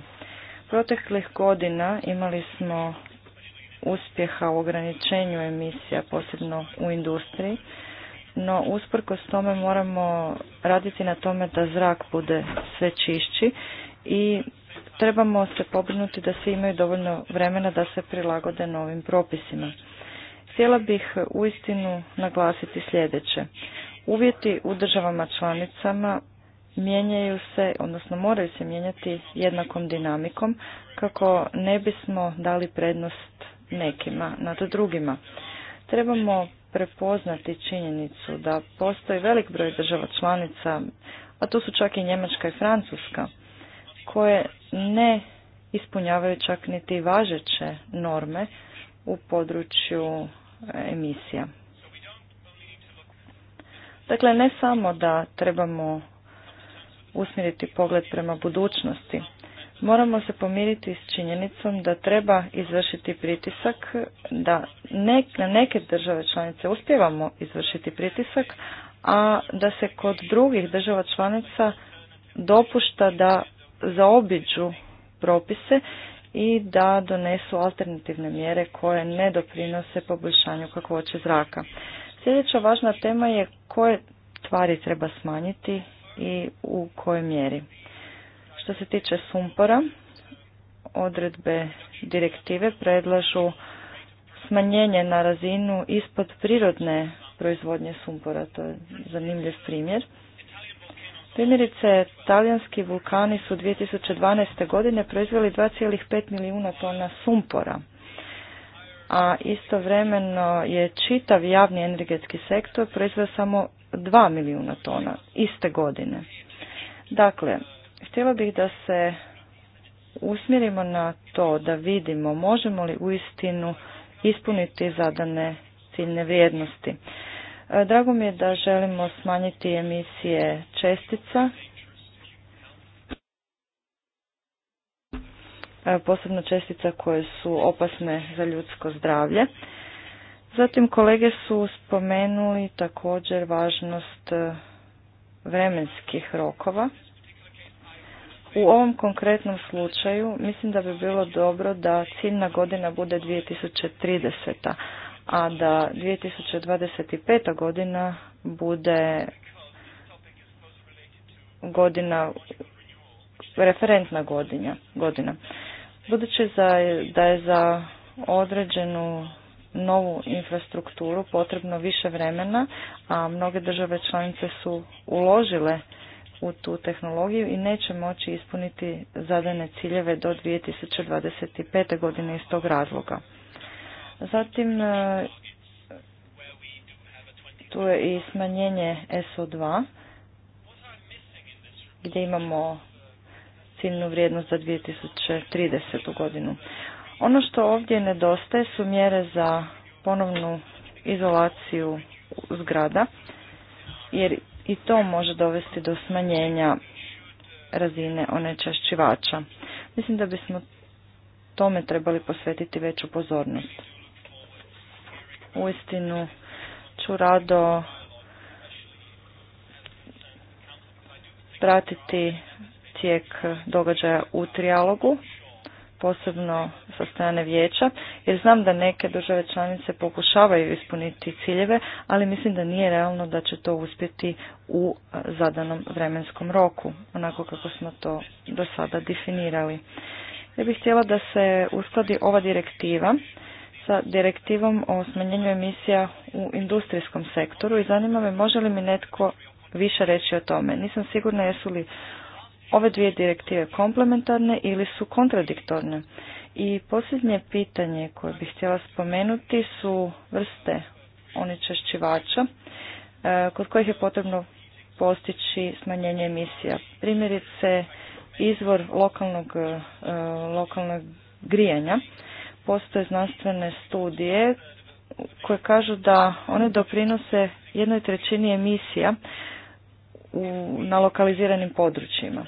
Proteklih godina imali smo uspjeha u ograničenju emisija, posebno u industriji, no usprkos tome moramo raditi na tome da zrak bude sve čišći i trebamo se pobrinuti da svi imaju dovoljno vremena da se prilagode novim propisima. Htjela bih uistinu naglasiti sljedeće. Uvjeti u državama članicama mijenjaju se, odnosno moraju se mijenjati jednakom dinamikom kako ne bismo dali prednost nekima nad drugima. Trebamo prepoznati činjenicu da postoji velik broj država članica, a to su čak i Njemačka i Francuska, koje ne ispunjavaju čak niti važeće norme u području e, emisija. Dakle, ne samo da trebamo usmjeriti pogled prema budućnosti, moramo se pomiriti s činjenicom da treba izvršiti pritisak, da na neke države članice uspjevamo izvršiti pritisak, a da se kod drugih država članica dopušta da zaobiđu propise i da donesu alternativne mjere koje ne doprinose poboljšanju kakvoće zraka. Sljedeća važna tema je koje tvari treba smanjiti i u kojoj mjeri. Što se tiče sumpora, odredbe direktive predlažu smanjenje na razinu ispod prirodne proizvodnje sumpora. To je zanimljiv primjer. Primjerice, talijanski vulkani su 2012. godine proizveli 2,5 milijuna tona sumpora, a istovremeno je čitav javni energetski sektor proizveo samo 2 milijuna tona iste godine. Dakle, Htjela bih da se usmjerimo na to da vidimo možemo li uistinu ispuniti zadane ciljne vrijednosti. E, drago mi je da želimo smanjiti emisije čestica, e, posebno čestica koje su opasne za ljudsko zdravlje. Zatim kolege su spomenuli također važnost e, vremenskih rokova. U ovom konkretnom slučaju mislim da bi bilo dobro da ciljna godina bude 2030. a da 2025. godina bude godina referentna godina. godina. Budući za, da je za određenu novu infrastrukturu potrebno više vremena, a mnoge države članice su uložile u tu tehnologiju i neće moći ispuniti zadane ciljeve do 2025. godine iz tog razloga. Zatim e, tu je i smanjenje SO2 gdje imamo ciljnu vrijednost za 2030. godinu. Ono što ovdje nedostaje su mjere za ponovnu izolaciju zgrada jer i to može dovesti do smanjenja razine onečišćivača. Mislim da bismo tome trebali posvetiti veću pozornost. istinu ću rado pratiti tijek događaja u trijalogu, posebno sa strane vijeća, jer znam da neke države članice pokušavaju ispuniti ciljeve, ali mislim da nije realno da će to uspjeti u e, zadanom vremenskom roku, onako kako smo to do sada definirali. Ja bih htjela da se uskladi ova direktiva sa direktivom o smanjenju emisija u industrijskom sektoru i zanima me može li mi netko više reći o tome. Nisam sigurna jesu li ove dvije direktive komplementarne ili su kontradiktorne. I posljednje pitanje koje bih htjela spomenuti su vrste onečišćivača e, kod kojih je potrebno postići smanjenje emisija. Primjerice izvor lokalnog, e, lokalnog grijanja. Postoje znanstvene studije koje kažu da one doprinose jednoj trećini emisija u, na lokaliziranim područjima.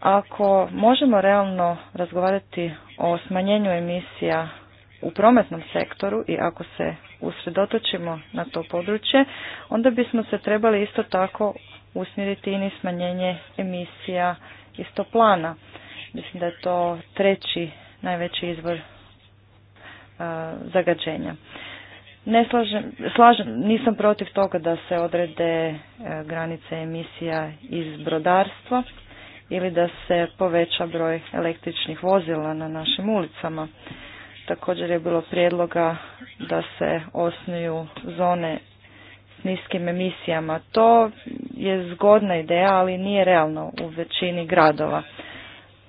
Ako možemo realno razgovarati o smanjenju emisija u prometnom sektoru i ako se usredotočimo na to područje, onda bismo se trebali isto tako usmjeriti i na smanjenje emisija iz toplana. Mislim da je to treći najveći izvor zagađenja. Ne slažem, slažem, nisam protiv toga da se odrede e, granice emisija iz brodarstva, ili da se poveća broj električnih vozila na našim ulicama. Također je bilo prijedloga da se osnuju zone s niskim emisijama. To je zgodna ideja, ali nije realno u većini gradova,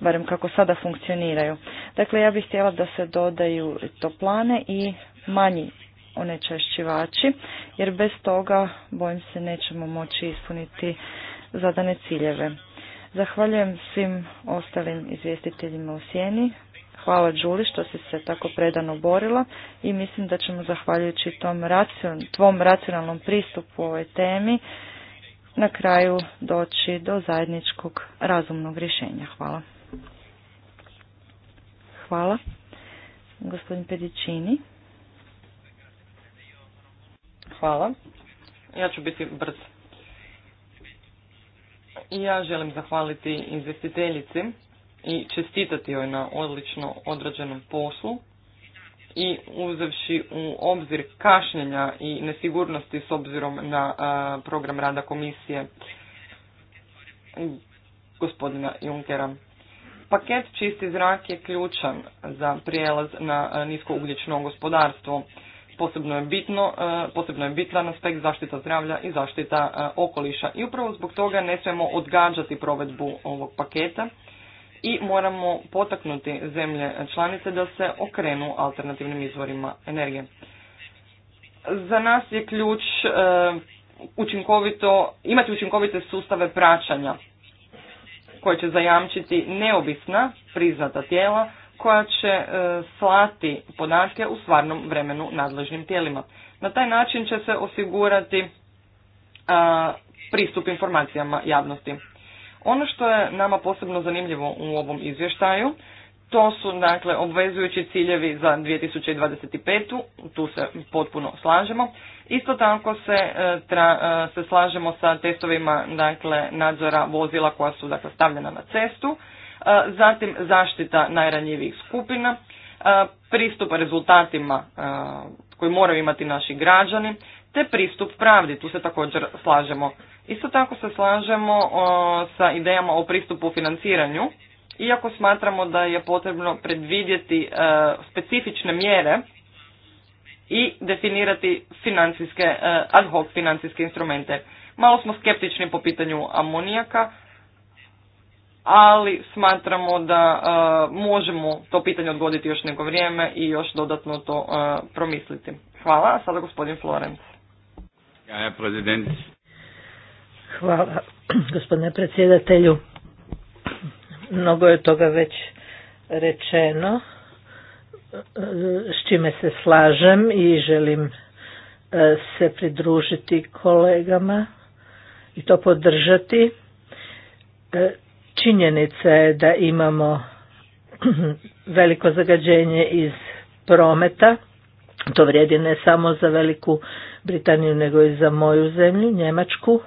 barem kako sada funkcioniraju. Dakle, ja bih htjela da se dodaju toplane i manji onečešćivači, jer bez toga, bojim se, nećemo moći ispuniti zadane ciljeve. Zahvaljujem svim ostalim izvjestiteljima u sjeni. Hvala Đuli što si se tako predano borila i mislim da ćemo zahvaljujući tom racion, tvom racionalnom pristupu u ovoj temi na kraju doći do zajedničkog razumnog rješenja. Hvala. Hvala. Gospodin Pedicini. Hvala. Ja ću biti brz. I ja želim zahvaliti investiteljici i čestitati joj na odlično odrađenom poslu i uzevši u obzir kašnjenja i nesigurnosti s obzirom na program rada komisije gospodina Junkera. Paket čisti zrak je ključan za prijelaz na niskougljično gospodarstvo Posebno je, bitno, e, posebno je bitan aspekt zaštita zdravlja i zaštita e, okoliša. I upravo zbog toga ne smijemo odgađati provedbu ovog paketa i moramo potaknuti zemlje članice da se okrenu alternativnim izvorima energije. Za nas je ključ e, učinkovito, imati učinkovite sustave praćanja koje će zajamčiti neovisna priznata tijela koja će e, slati podatke u stvarnom vremenu nadležnim tijelima. Na taj način će se osigurati e, pristup informacijama javnosti. Ono što je nama posebno zanimljivo u ovom izvještaju, to su dakle obvezujući ciljevi za 2025. Tu se potpuno slažemo. Isto tako se, e, se slažemo sa testovima dakle, nadzora vozila koja su dakle, stavljena na cestu E, zatim zaštita najranjivijih skupina, e, pristup rezultatima e, koji moraju imati naši građani, te pristup pravdi, tu se također slažemo. Isto tako se slažemo sa idejama o pristupu financiranju, iako smatramo da je potrebno predvidjeti specifične mjere i definirati financijske, ad hoc financijske instrumente. Malo smo skeptični po pitanju amonijaka, ali smatramo da e, možemo to pitanje odgoditi još neko vrijeme i još dodatno to e, promisliti. Hvala, a sada gospodin Florenc. Ja, Hvala, gospodine predsjedatelju. Mnogo je toga već rečeno, e, s čime se slažem i želim se pridružiti kolegama i to podržati Činjenica je da imamo veliko zagađenje iz prometa. To vrijedi ne samo za Veliku Britaniju, nego i za moju zemlju, Njemačku.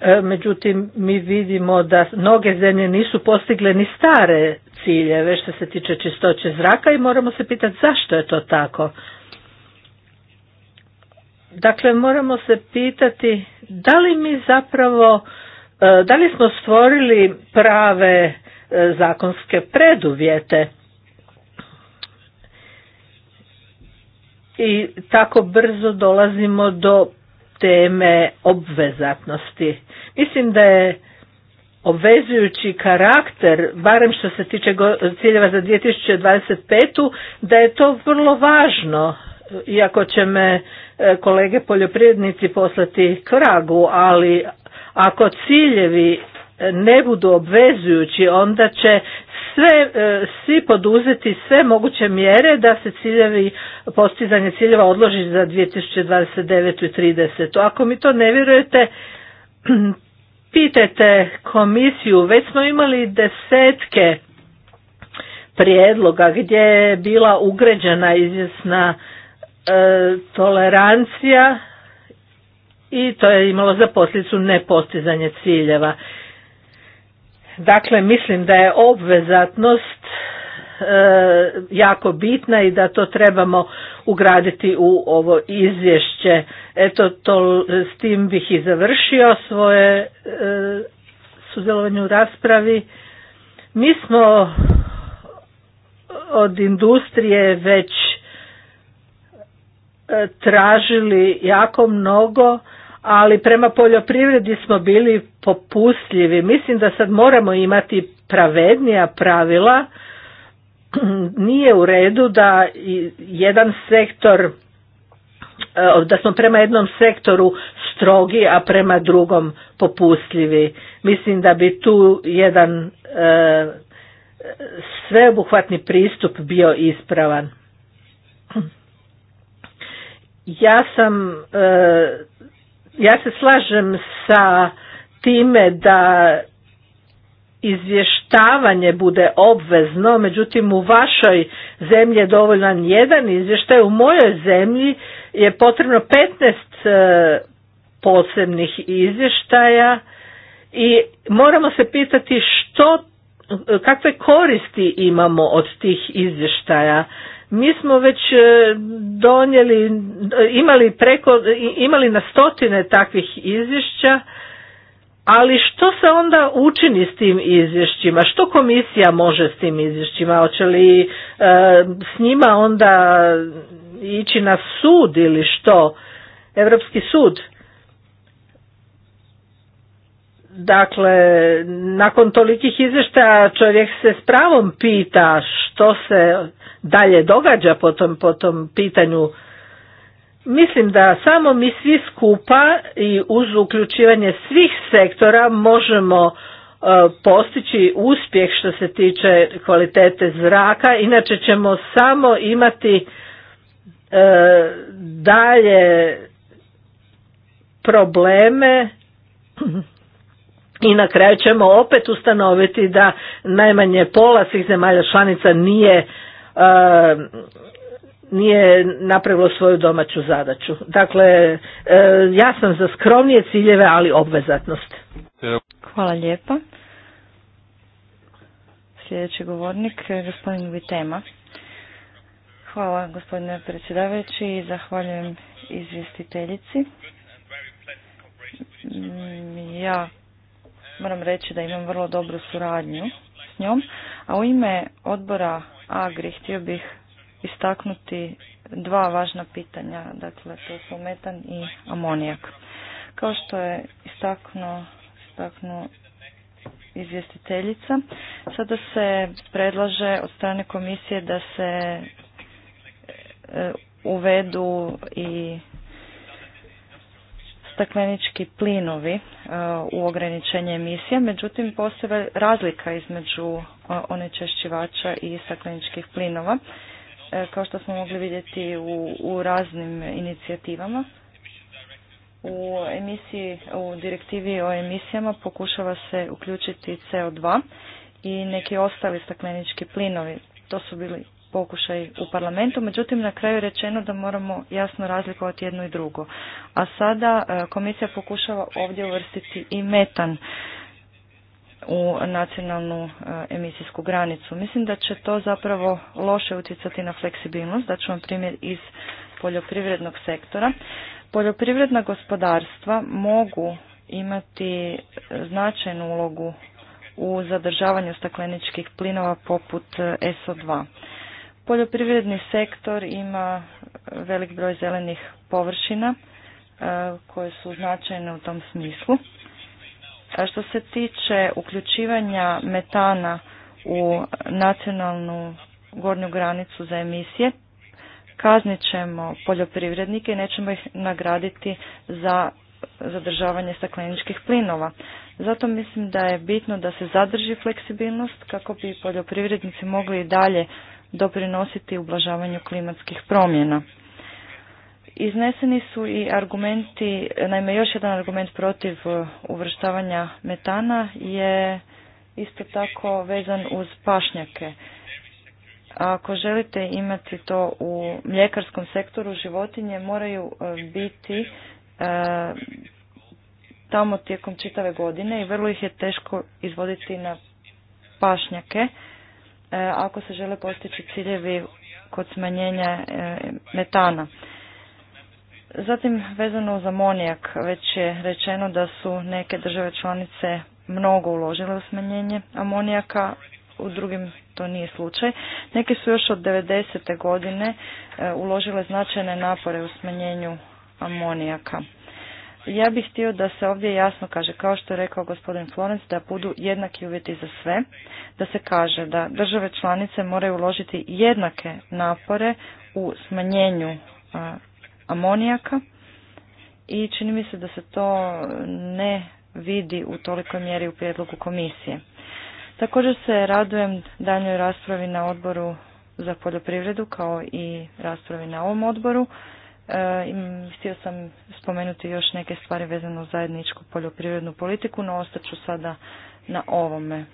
E, međutim, mi vidimo da mnoge zemlje nisu postigle ni stare ciljeve što se tiče čistoće zraka i moramo se pitati zašto je to tako. Dakle, moramo se pitati da li mi zapravo, e, da li smo stvorili prave e, zakonske preduvjete i tako brzo dolazimo do teme obvezatnosti. Mislim da je obvezujući karakter, barem što se tiče ciljeva za 2025. da je to vrlo važno iako će me e, kolege poljoprivrednici poslati kragu, ali ako ciljevi e, ne budu obvezujući, onda će sve, e, svi poduzeti sve moguće mjere da se ciljevi, postizanje ciljeva odloži za 2029. i 30. Ako mi to ne vjerujete, pitajte komisiju, već smo imali desetke prijedloga gdje je bila ugrađena izvjesna E, tolerancija i to je imalo za posljedicu nepostizanje ciljeva. Dakle, mislim da je obvezatnost e, jako bitna i da to trebamo ugraditi u ovo izvješće. Eto, to, s tim bih i završio svoje e, sudjelovanje u raspravi. Mi smo od industrije već E, tražili jako mnogo, ali prema poljoprivredi smo bili popustljivi. Mislim da sad moramo imati pravednija pravila. Nije u redu da jedan sektor e, da smo prema jednom sektoru strogi, a prema drugom popustljivi. Mislim da bi tu jedan e, sveobuhvatni pristup bio ispravan. Ja sam, e, ja se slažem sa time da izvještavanje bude obvezno, međutim u vašoj zemlji je dovoljan jedan izvještaj, u mojoj zemlji je potrebno 15 e, posebnih izvještaja i moramo se pitati što, e, kakve koristi imamo od tih izvještaja mi smo već e, donijeli, e, imali preko, imali na stotine takvih izvješća, ali što se onda učini s tim izvješćima? Što komisija može s tim izvješćima? Hoće li e, s njima onda ići na sud ili što? Europski sud? Dakle, nakon tolikih izvješća čovjek se s pravom pita što se dalje događa po tom, pitanju. Mislim da samo mi svi skupa i uz uključivanje svih sektora možemo e, postići uspjeh što se tiče kvalitete zraka, inače ćemo samo imati e, dalje probleme i na kraju ćemo opet ustanoviti da najmanje pola svih zemalja članica nije nije napravilo svoju domaću zadaću. Dakle, e, ja sam za skromnije ciljeve, ali obvezatnost. Hvala lijepa. Sljedeći govornik, e, gospodin Vitema. Hvala gospodine predsjedavajući i zahvaljujem izvjestiteljici. Mm, ja moram reći da imam vrlo dobru suradnju s njom, a u ime odbora Agri. Htio bih istaknuti dva važna pitanja, dakle to su metan i amonijak. Kao što je istaknuo, istaknu izvjestiteljica, sada se predlaže od strane komisije da se e, uvedu i staklenički plinovi e, u ograničenje emisija, međutim postoje razlika između onečišćivača i stakleničkih plinova, e, kao što smo mogli vidjeti u, raznim inicijativama. U emisiji, u direktivi o emisijama pokušava se uključiti CO2 i neki ostali staklenički plinovi. To su bili pokušaj u parlamentu, međutim na kraju je rečeno da moramo jasno razlikovati jedno i drugo. A sada e, komisija pokušava ovdje uvrstiti i metan u nacionalnu e, emisijsku granicu. Mislim da će to zapravo loše utjecati na fleksibilnost. Da ću vam primjer iz poljoprivrednog sektora. Poljoprivredna gospodarstva mogu imati e, značajnu ulogu u zadržavanju stakleničkih plinova poput e, SO2. Poljoprivredni sektor ima velik broj zelenih površina koje su značajne u tom smislu. Što se tiče uključivanja metana u nacionalnu gornju granicu za emisije, kaznit ćemo poljoprivrednike i nećemo ih nagraditi za zadržavanje stakleničkih plinova. Zato mislim da je bitno da se zadrži fleksibilnost kako bi poljoprivrednici mogli i dalje doprinositi ublažavanju klimatskih promjena. Izneseni su i argumenti, naime još jedan argument protiv uh, uvrštavanja metana je isto tako vezan uz pašnjake. Ako želite imati to u mljekarskom sektoru, životinje moraju uh, biti uh, tamo tijekom čitave godine i vrlo ih je teško izvoditi na pašnjake ako se žele postići ciljevi kod smanjenja metana. Zatim, vezano uz amonijak, već je rečeno da su neke države članice mnogo uložile u smanjenje amonijaka, u drugim to nije slučaj. Neke su još od 90. godine e, uložile značajne napore u smanjenju amonijaka. Ja bih htio da se ovdje jasno kaže, kao što je rekao gospodin Florence, da budu jednaki uvjeti za sve, da se kaže da države članice moraju uložiti jednake napore u smanjenju amonijaka i čini mi se da se to ne vidi u tolikoj mjeri u prijedlogu komisije. Također se radujem daljnjoj raspravi na odboru za poljoprivredu kao i raspravi na ovom odboru. E, htio sam spomenuti još neke stvari vezano za zajedničku poljoprivrednu politiku, no ostaću sada na ovome.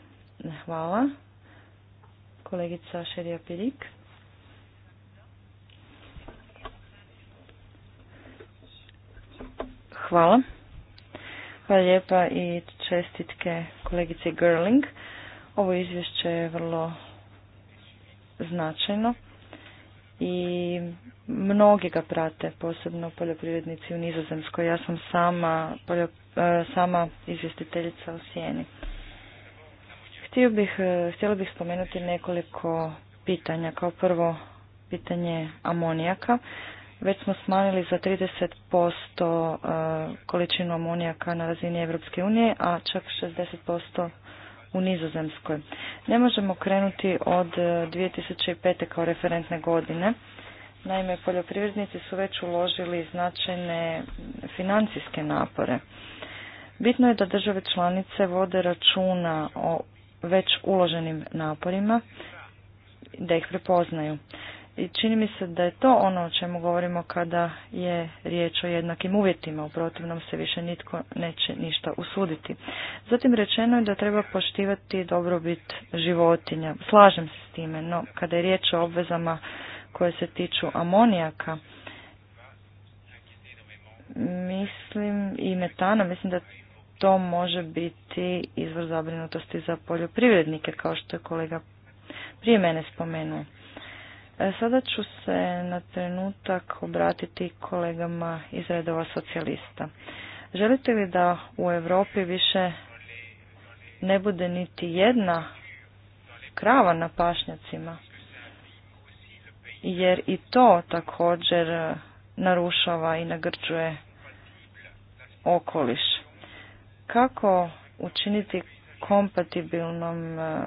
Hvala. Kolegica Šerija Pirik. Hvala. Hvala lijepa i čestitke kolegici Girling. Ovo izvješće je vrlo značajno i mnogi ga prate, posebno poljoprivrednici u Nizozemskoj. Ja sam sama, e, sama izvjestiteljica u Sijeni. Htio bih, e, htjela bih spomenuti nekoliko pitanja. Kao prvo pitanje amonijaka. Već smo smanjili za 30% e, količinu amonijaka na razini Europske unije, a čak 60% u Nizozemskoj. Ne možemo krenuti od 2005. E, kao referentne godine. Naime, poljoprivrednici su već uložili značajne financijske napore. Bitno je da države članice vode računa o već uloženim naporima, da ih prepoznaju. I čini mi se da je to ono o čemu govorimo kada je riječ o jednakim uvjetima, u protivnom se više nitko neće ništa usuditi. Zatim rečeno je da treba poštivati dobrobit životinja. Slažem se s time, no kada je riječ o obvezama koje se tiču amonijaka, mislim i metana, mislim da to može biti izvor zabrinutosti za poljoprivrednike, kao što je kolega prije mene spomenuo. E, sada ću se na trenutak obratiti kolegama iz redova socijalista. Želite li da u Europi više ne bude niti jedna krava na pašnjacima? Jer i to također e, narušava i nagrđuje okoliš. Kako učiniti kompatibilnom e,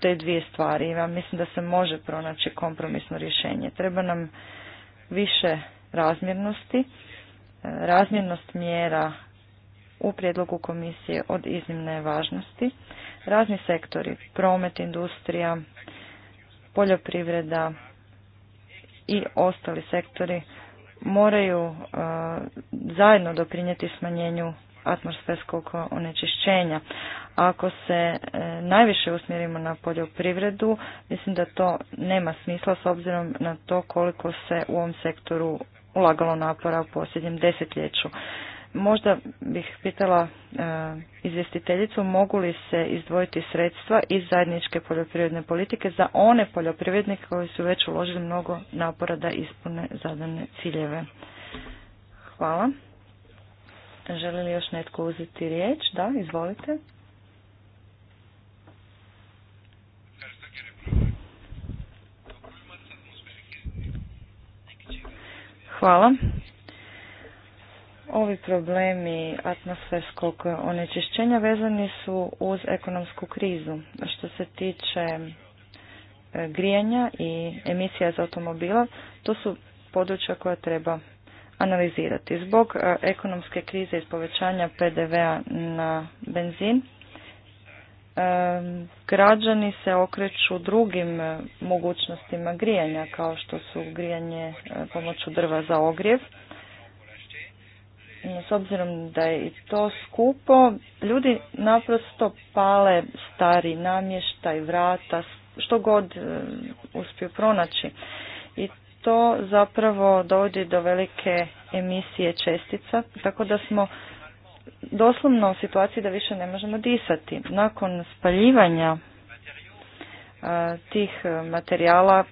te dvije stvari. Ja mislim da se može pronaći kompromisno rješenje. Treba nam više razmjernosti. E, razmjernost mjera u prijedlogu komisije od iznimne važnosti. Razni sektori, promet, industrija, poljoprivreda i ostali sektori moraju e, zajedno doprinijeti smanjenju atmosferskog onečišćenja. Ako se e, najviše usmjerimo na poljoprivredu, mislim da to nema smisla s obzirom na to koliko se u ovom sektoru ulagalo napora u posljednjem desetljeću. Možda bih pitala e, izvjestiteljicu mogu li se izdvojiti sredstva iz zajedničke poljoprivredne politike za one poljoprivrednike koji su već uložili mnogo napora da ispune zadane ciljeve. Hvala. Želi li još netko uzeti riječ? Da, izvolite. Hvala. Ovi problemi atmosferskog onečišćenja vezani su uz ekonomsku krizu. Što se tiče e, grijanja i emisija za automobila, to su područja koja treba analizirati. Zbog e, ekonomske krize i povećanja PDV-a na benzin, e, građani se okreću drugim e, mogućnostima grijanja, kao što su grijanje pomoću drva za ogrjev. S obzirom da je i to skupo, ljudi naprosto pale stari namještaj, vrata, što god uspiju pronaći. I to zapravo dovodi do velike emisije čestica, tako da smo doslovno u situaciji da više ne možemo disati. Nakon spaljivanja tih e, materijala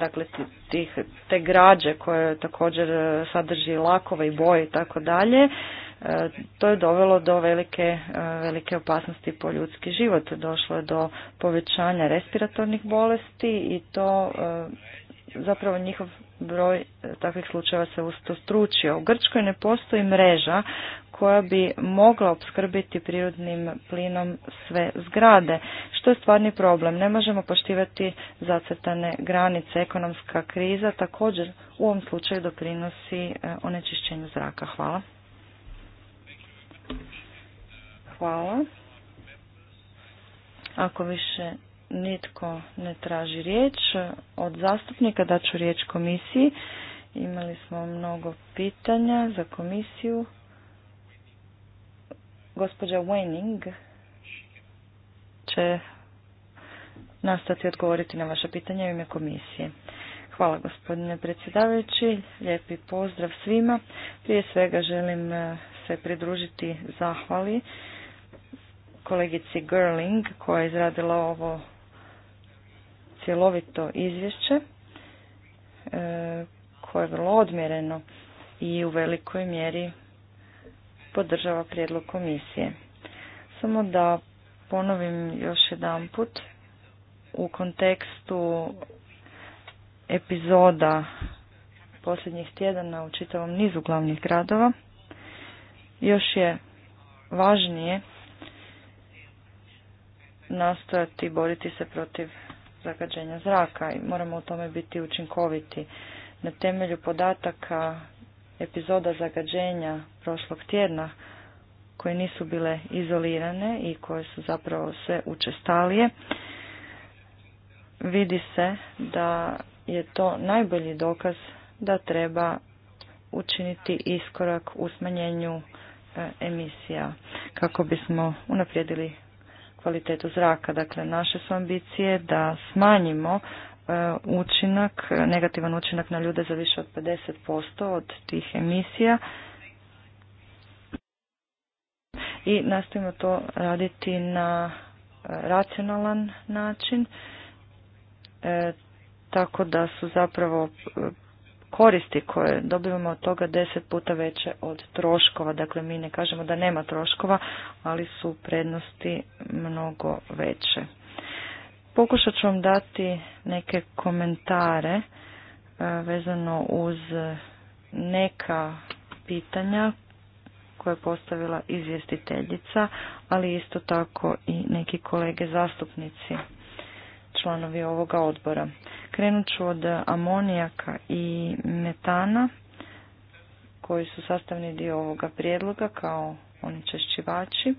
dakle tih, te građe koje također e, sadrži lakove i boje i tako dalje, e, to je dovelo do velike, e, velike opasnosti po ljudski život. Došlo je do povećanja respiratornih bolesti i to zapravo njihov broj e, takvih slučajeva se ustostručio. U Grčkoj ne postoji mreža koja bi mogla opskrbiti prirodnim plinom sve zgrade, što je stvarni problem. Ne možemo poštivati zacrtane granice. Ekonomska kriza također u ovom slučaju doprinosi e, onečišćenju zraka. Hvala. Hvala. Ako više nitko ne traži riječ od zastupnika, da ću riječ komisiji. Imali smo mnogo pitanja za komisiju. Gospođa Wenning će nastati odgovoriti na vaše pitanje u ime komisije. Hvala gospodine predsjedavajući, lijepi pozdrav svima. Prije svega želim eh, se pridružiti zahvali kolegici Girling koja je izradila ovo cjelovito izvješće e, koje je vrlo odmjereno i u velikoj mjeri podržava prijedlog komisije. Samo da ponovim još jedan put u kontekstu epizoda posljednjih tjedana u čitavom nizu glavnih gradova. Još je važnije nastojati boriti se protiv zagađenja zraka i moramo u tome biti učinkoviti. Na temelju podataka epizoda zagađenja prošlog tjedna koje nisu bile izolirane i koje su zapravo sve učestalije, vidi se da je to najbolji dokaz da treba učiniti iskorak u smanjenju e, emisija kako bismo unaprijedili kvalitetu zraka. Dakle, naše su ambicije da smanjimo e, učinak, negativan učinak na ljude za više od 50% od tih emisija i nastavimo to raditi na e, racionalan način e, tako da su zapravo koristi koje dobivamo od toga deset puta veće od troškova. Dakle, mi ne kažemo da nema troškova, ali su prednosti mnogo veće. Pokušat ću vam dati neke komentare e, vezano uz neka pitanja koje je postavila izvjestiteljica, ali isto tako i neki kolege zastupnici, članovi ovoga odbora. Krenut ću od amonijaka i metana koji su sastavni dio ovoga prijedloga kao oni češćivači.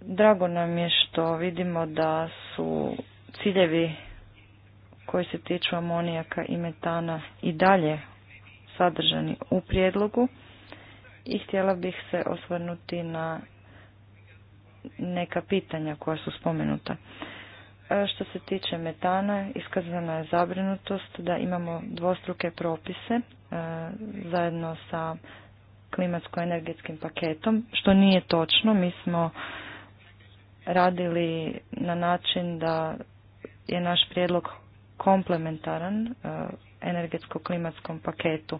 Drago nam je što vidimo da su ciljevi koji se tiču amonijaka i metana i dalje sadržani u prijedlogu i htjela bih se osvrnuti na neka pitanja koja su spomenuta. E, što se tiče metana, iskazana je zabrinutost da imamo dvostruke propise e, zajedno sa klimatsko-energetskim paketom, što nije točno. Mi smo radili na način da je naš prijedlog komplementaran e, energetsko-klimatskom paketu.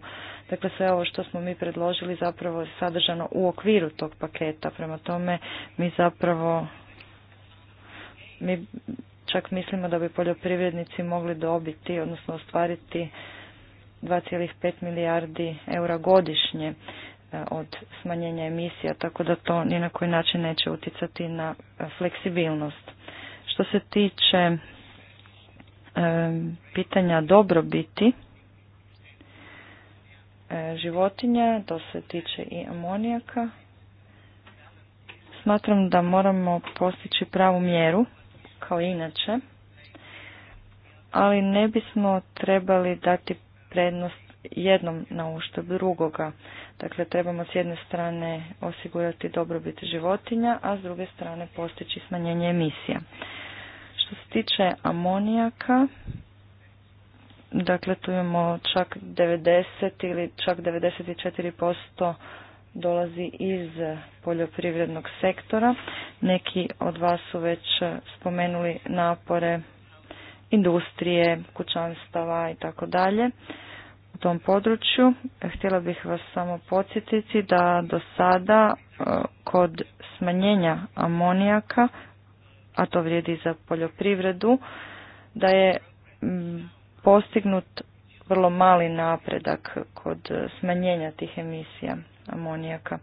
Dakle, sve ovo što smo mi predložili zapravo je sadržano u okviru tog paketa. Prema tome, mi zapravo mi Čak mislimo da bi poljoprivrednici mogli dobiti, odnosno ostvariti 2,5 milijardi eura godišnje e, od smanjenja emisija, tako da to ni na koji način neće uticati na e, fleksibilnost. Što se tiče e, pitanja dobrobiti životinja, to se tiče i amonijaka. Smatram da moramo postići pravu mjeru kao inače, ali ne bismo trebali dati prednost jednom na uštob drugoga. Dakle, trebamo s jedne strane osigurati dobrobit životinja, a s druge strane postići smanjenje emisija. Što se tiče amonijaka, dakle, tu imamo čak 90 ili čak 94% dolazi iz poljoprivrednog sektora. Neki od vas su već spomenuli napore industrije, kućanstava i tako dalje u tom području. Htjela bih vas samo podsjetiti da do sada e, kod smanjenja amonijaka, a to vrijedi za poljoprivredu, da je postignut vrlo mali napredak kod smanjenja tih emisija amonijaka.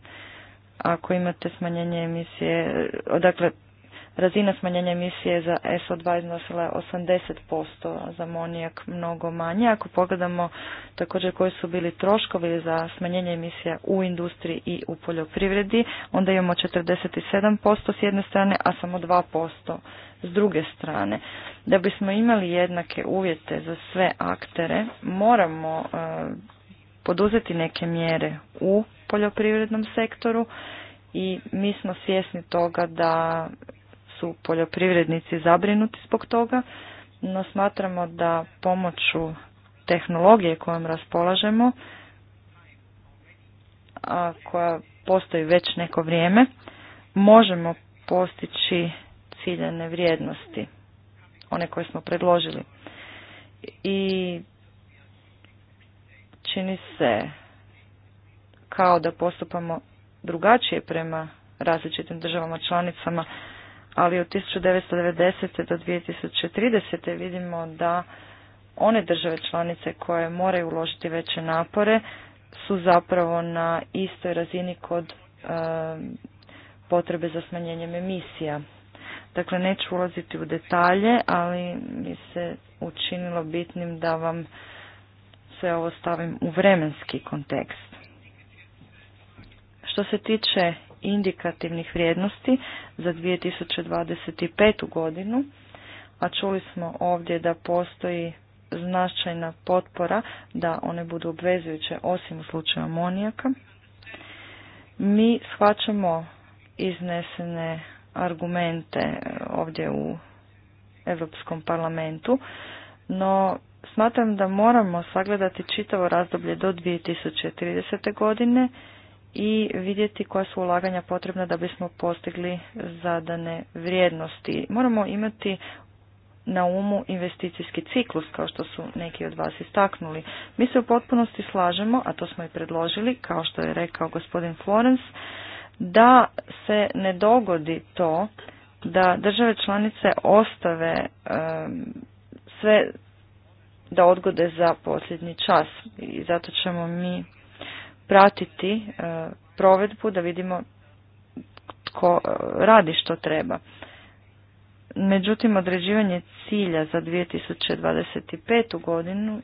Ako imate smanjenje emisije, dakle, razina smanjenja emisije za SO2 iznosila je 80%, a za amonijak mnogo manje. Ako pogledamo također koji su bili troškovi za smanjenje emisija u industriji i u poljoprivredi, onda imamo 47% s jedne strane, a samo 2% s druge strane. Da bismo imali jednake uvjete za sve aktere, moramo eh, poduzeti neke mjere u poljoprivrednom sektoru i mi smo svjesni toga da su poljoprivrednici zabrinuti zbog toga, no smatramo da pomoću tehnologije kojom raspolažemo, a koja postoji već neko vrijeme, možemo postići ciljene vrijednosti, one koje smo predložili. I čini se kao da postupamo drugačije prema različitim državama članicama, ali od 1990. do 2030. vidimo da one države članice koje moraju uložiti veće napore su zapravo na istoj razini kod potrebe za smanjenjem emisija. Dakle, neću ulaziti u detalje, ali mi se učinilo bitnim da vam sve ovo stavim u vremenski kontekst. Što se tiče indikativnih vrijednosti za 2025. godinu, a čuli smo ovdje da postoji značajna potpora da one budu obvezujuće osim u slučaju amonijaka. Mi shvaćamo iznesene argumente ovdje u Europskom parlamentu, no smatram da moramo sagledati čitavo razdoblje do 2030. godine i vidjeti koja su ulaganja potrebna da bismo postigli zadane vrijednosti. Moramo imati na umu investicijski ciklus, kao što su neki od vas istaknuli. Mi se u potpunosti slažemo, a to smo i predložili, kao što je rekao gospodin Florence, da se ne dogodi to da države članice ostave sve da odgode za posljednji čas i zato ćemo mi pratiti e, provedbu da vidimo tko e, radi što treba. Međutim, određivanje cilja za 2025. godinu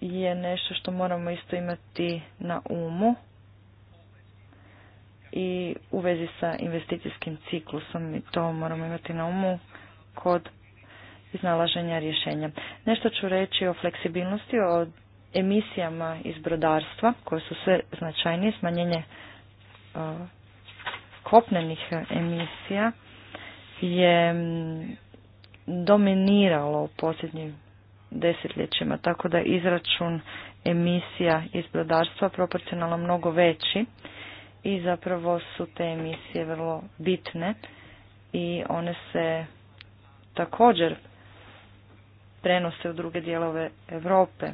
je nešto što moramo isto imati na umu i u vezi sa investicijskim ciklusom i to moramo imati na umu kod iznalaženja rješenja. Nešto ću reći o fleksibilnosti, o emisijama iz brodarstva koje su sve značajnije, smanjenje e, kopnenih emisija je dominiralo u posljednjim desetljećima, tako da izračun emisija iz brodarstva proporcionalno mnogo veći i zapravo su te emisije vrlo bitne i one se također prenose u druge dijelove Europe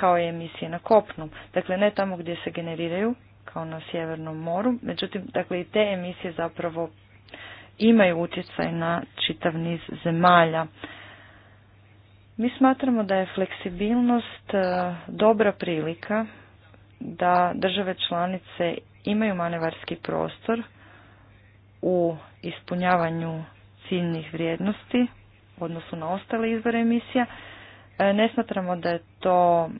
kao i emisije na kopnu. Dakle, ne tamo gdje se generiraju, kao na Sjevernom moru. Međutim, dakle, i te emisije zapravo imaju utjecaj na čitav niz zemalja. Mi smatramo da je fleksibilnost e, dobra prilika da države članice imaju manevarski prostor u ispunjavanju ciljnih vrijednosti u odnosu na ostale izvore emisija, ne smatramo da je to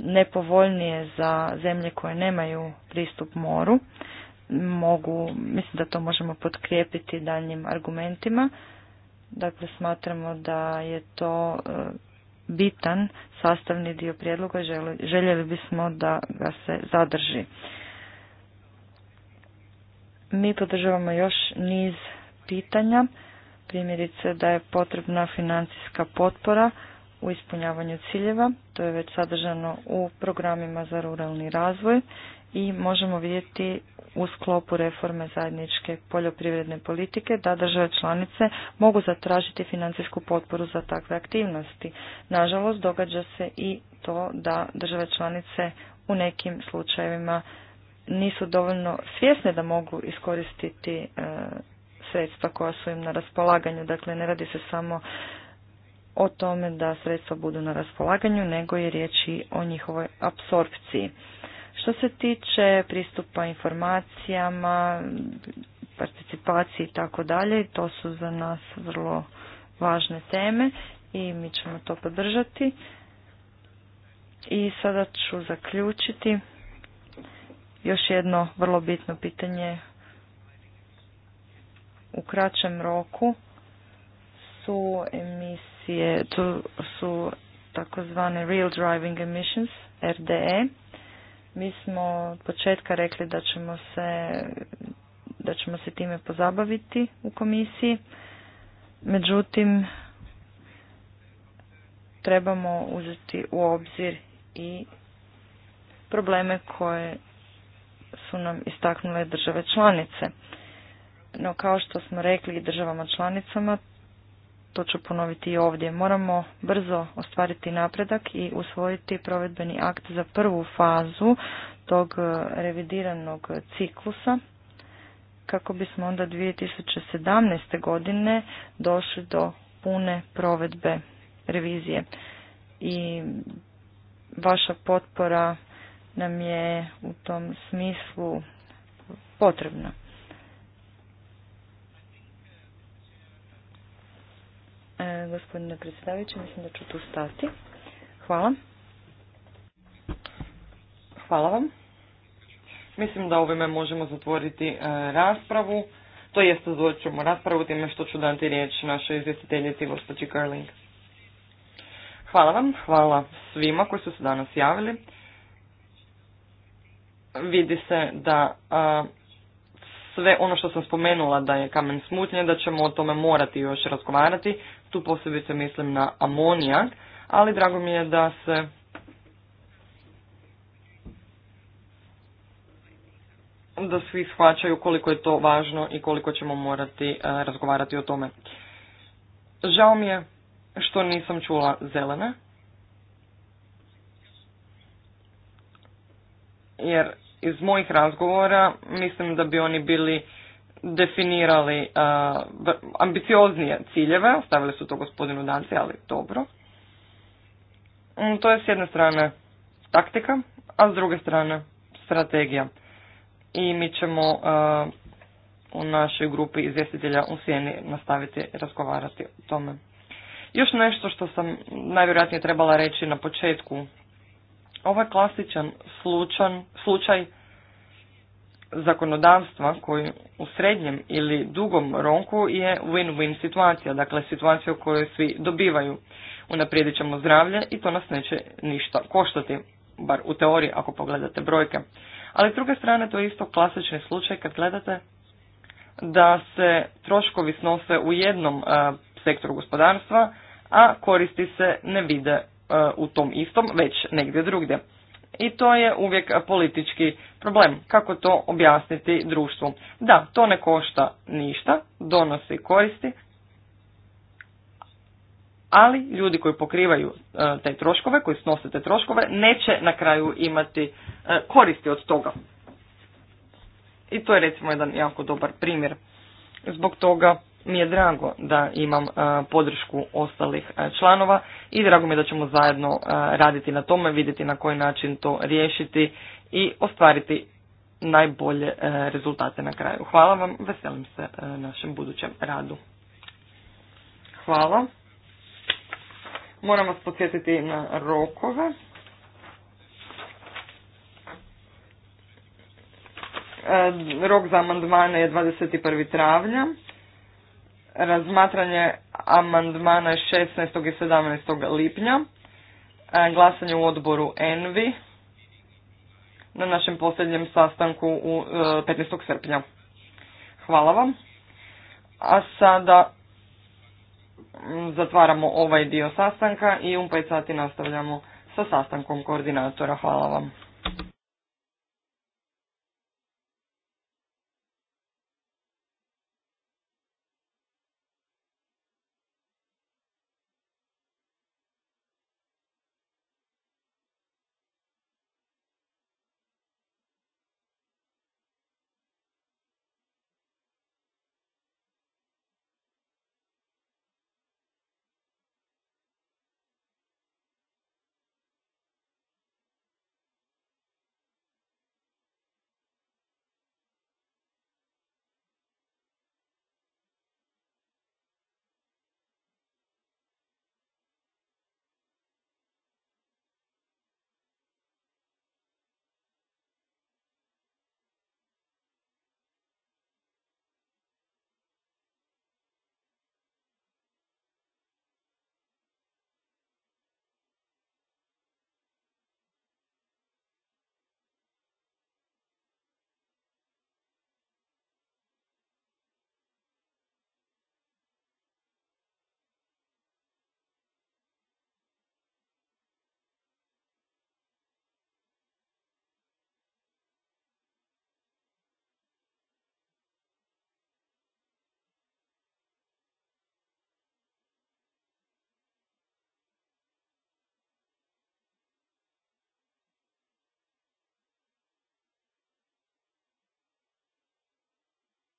nepovoljnije za zemlje koje nemaju pristup moru. Mogu, mislim da to možemo potkrijepiti daljnjim argumentima. Dakle, smatramo da je to e, bitan sastavni dio prijedloga, željeli bismo da ga se zadrži. Mi podržavamo još niz pitanja, primjerice da je potrebna financijska potpora u ispunjavanju ciljeva. To je već sadržano u programima za ruralni razvoj i možemo vidjeti u sklopu reforme zajedničke poljoprivredne politike da države članice mogu zatražiti financijsku potporu za takve aktivnosti. Nažalost, događa se i to da države članice u nekim slučajevima nisu dovoljno svjesne da mogu iskoristiti e, sredstva koja su im na raspolaganju. Dakle, ne radi se samo o tome da sredstva budu na raspolaganju, nego je riječ i o njihovoj apsorpciji. Što se tiče pristupa informacijama, participaciji i tako dalje, to su za nas vrlo važne teme i mi ćemo to podržati. I sada ću zaključiti još jedno vrlo bitno pitanje u kraćem roku su emisije emisije, to su takozvane real driving emissions, RDE. Mi smo od početka rekli da ćemo se da ćemo se time pozabaviti u komisiji. Međutim, trebamo uzeti u obzir i probleme koje su nam istaknule države članice. No kao što smo rekli i državama članicama, to ću ponoviti i ovdje. Moramo brzo ostvariti napredak i usvojiti provedbeni akt za prvu fazu tog e, revidiranog ciklusa kako bismo onda 2017. godine došli do pune provedbe revizije. I vaša potpora nam je u tom smislu potrebna. E, gospodine predsjedavajući, mislim da ću tu stati. Hvala. Hvala vam. Mislim da ovime možemo zatvoriti e, raspravu. To jest, zatvorit ćemo raspravu time što ću dati riječ našoj izvjestiteljici, gospođi Curling. Hvala vam, hvala svima koji su se danas javili. Vidi se da e, sve ono što sam spomenula da je kamen smutnje, da ćemo o tome morati još razgovarati, tu posebice mislim na amonijak, ali drago mi je da se da svi shvaćaju koliko je to važno i koliko ćemo morati e, razgovarati o tome. Žao mi je što nisam čula zelene. Jer iz mojih razgovora mislim da bi oni bili definirali uh, ambicioznije ciljeve, ostavili su to gospodinu Danci, ali dobro. Mm, to je s jedne strane taktika, a s druge strane strategija. I mi ćemo uh, u našoj grupi izvjestitelja u Sjeni nastaviti razgovarati o tome. Još nešto što sam najvjerojatnije trebala reći na početku. Ovo je klasičan slučaj zakonodavstva koji u srednjem ili dugom ronku je win-win situacija, dakle situacija u kojoj svi dobivaju. Unaprijedit ćemo zdravlje i to nas neće ništa koštati, bar u teoriji ako pogledate brojke. Ali s druge strane to je isto klasični slučaj kad gledate da se troškovi snose u jednom e, sektoru gospodarstva, a koristi se ne vide e, u tom istom, već negdje drugdje i to je uvijek politički problem. Kako to objasniti društvu? Da, to ne košta ništa, donosi koristi, ali ljudi koji pokrivaju e, te troškove, koji snose te troškove, neće na kraju imati e, koristi od toga. I to je recimo jedan jako dobar primjer. Zbog toga mi je drago da imam e, podršku ostalih e, članova i drago mi je da ćemo zajedno e, raditi na tome, vidjeti na koji način to riješiti i ostvariti najbolje rezultate na kraju. Hvala vam, veselim se našem budućem radu. Hvala. Moram vas podsjetiti na rokove. Rok za amandmane je 21. travnja razmatranje amandmana 16. i 17. lipnja, e, glasanje u odboru ENVI na našem posljednjem sastanku u 15. E, srpnja. Hvala vam. A sada zatvaramo ovaj dio sastanka i u 5 sati nastavljamo sa sastankom koordinatora. Hvala vam.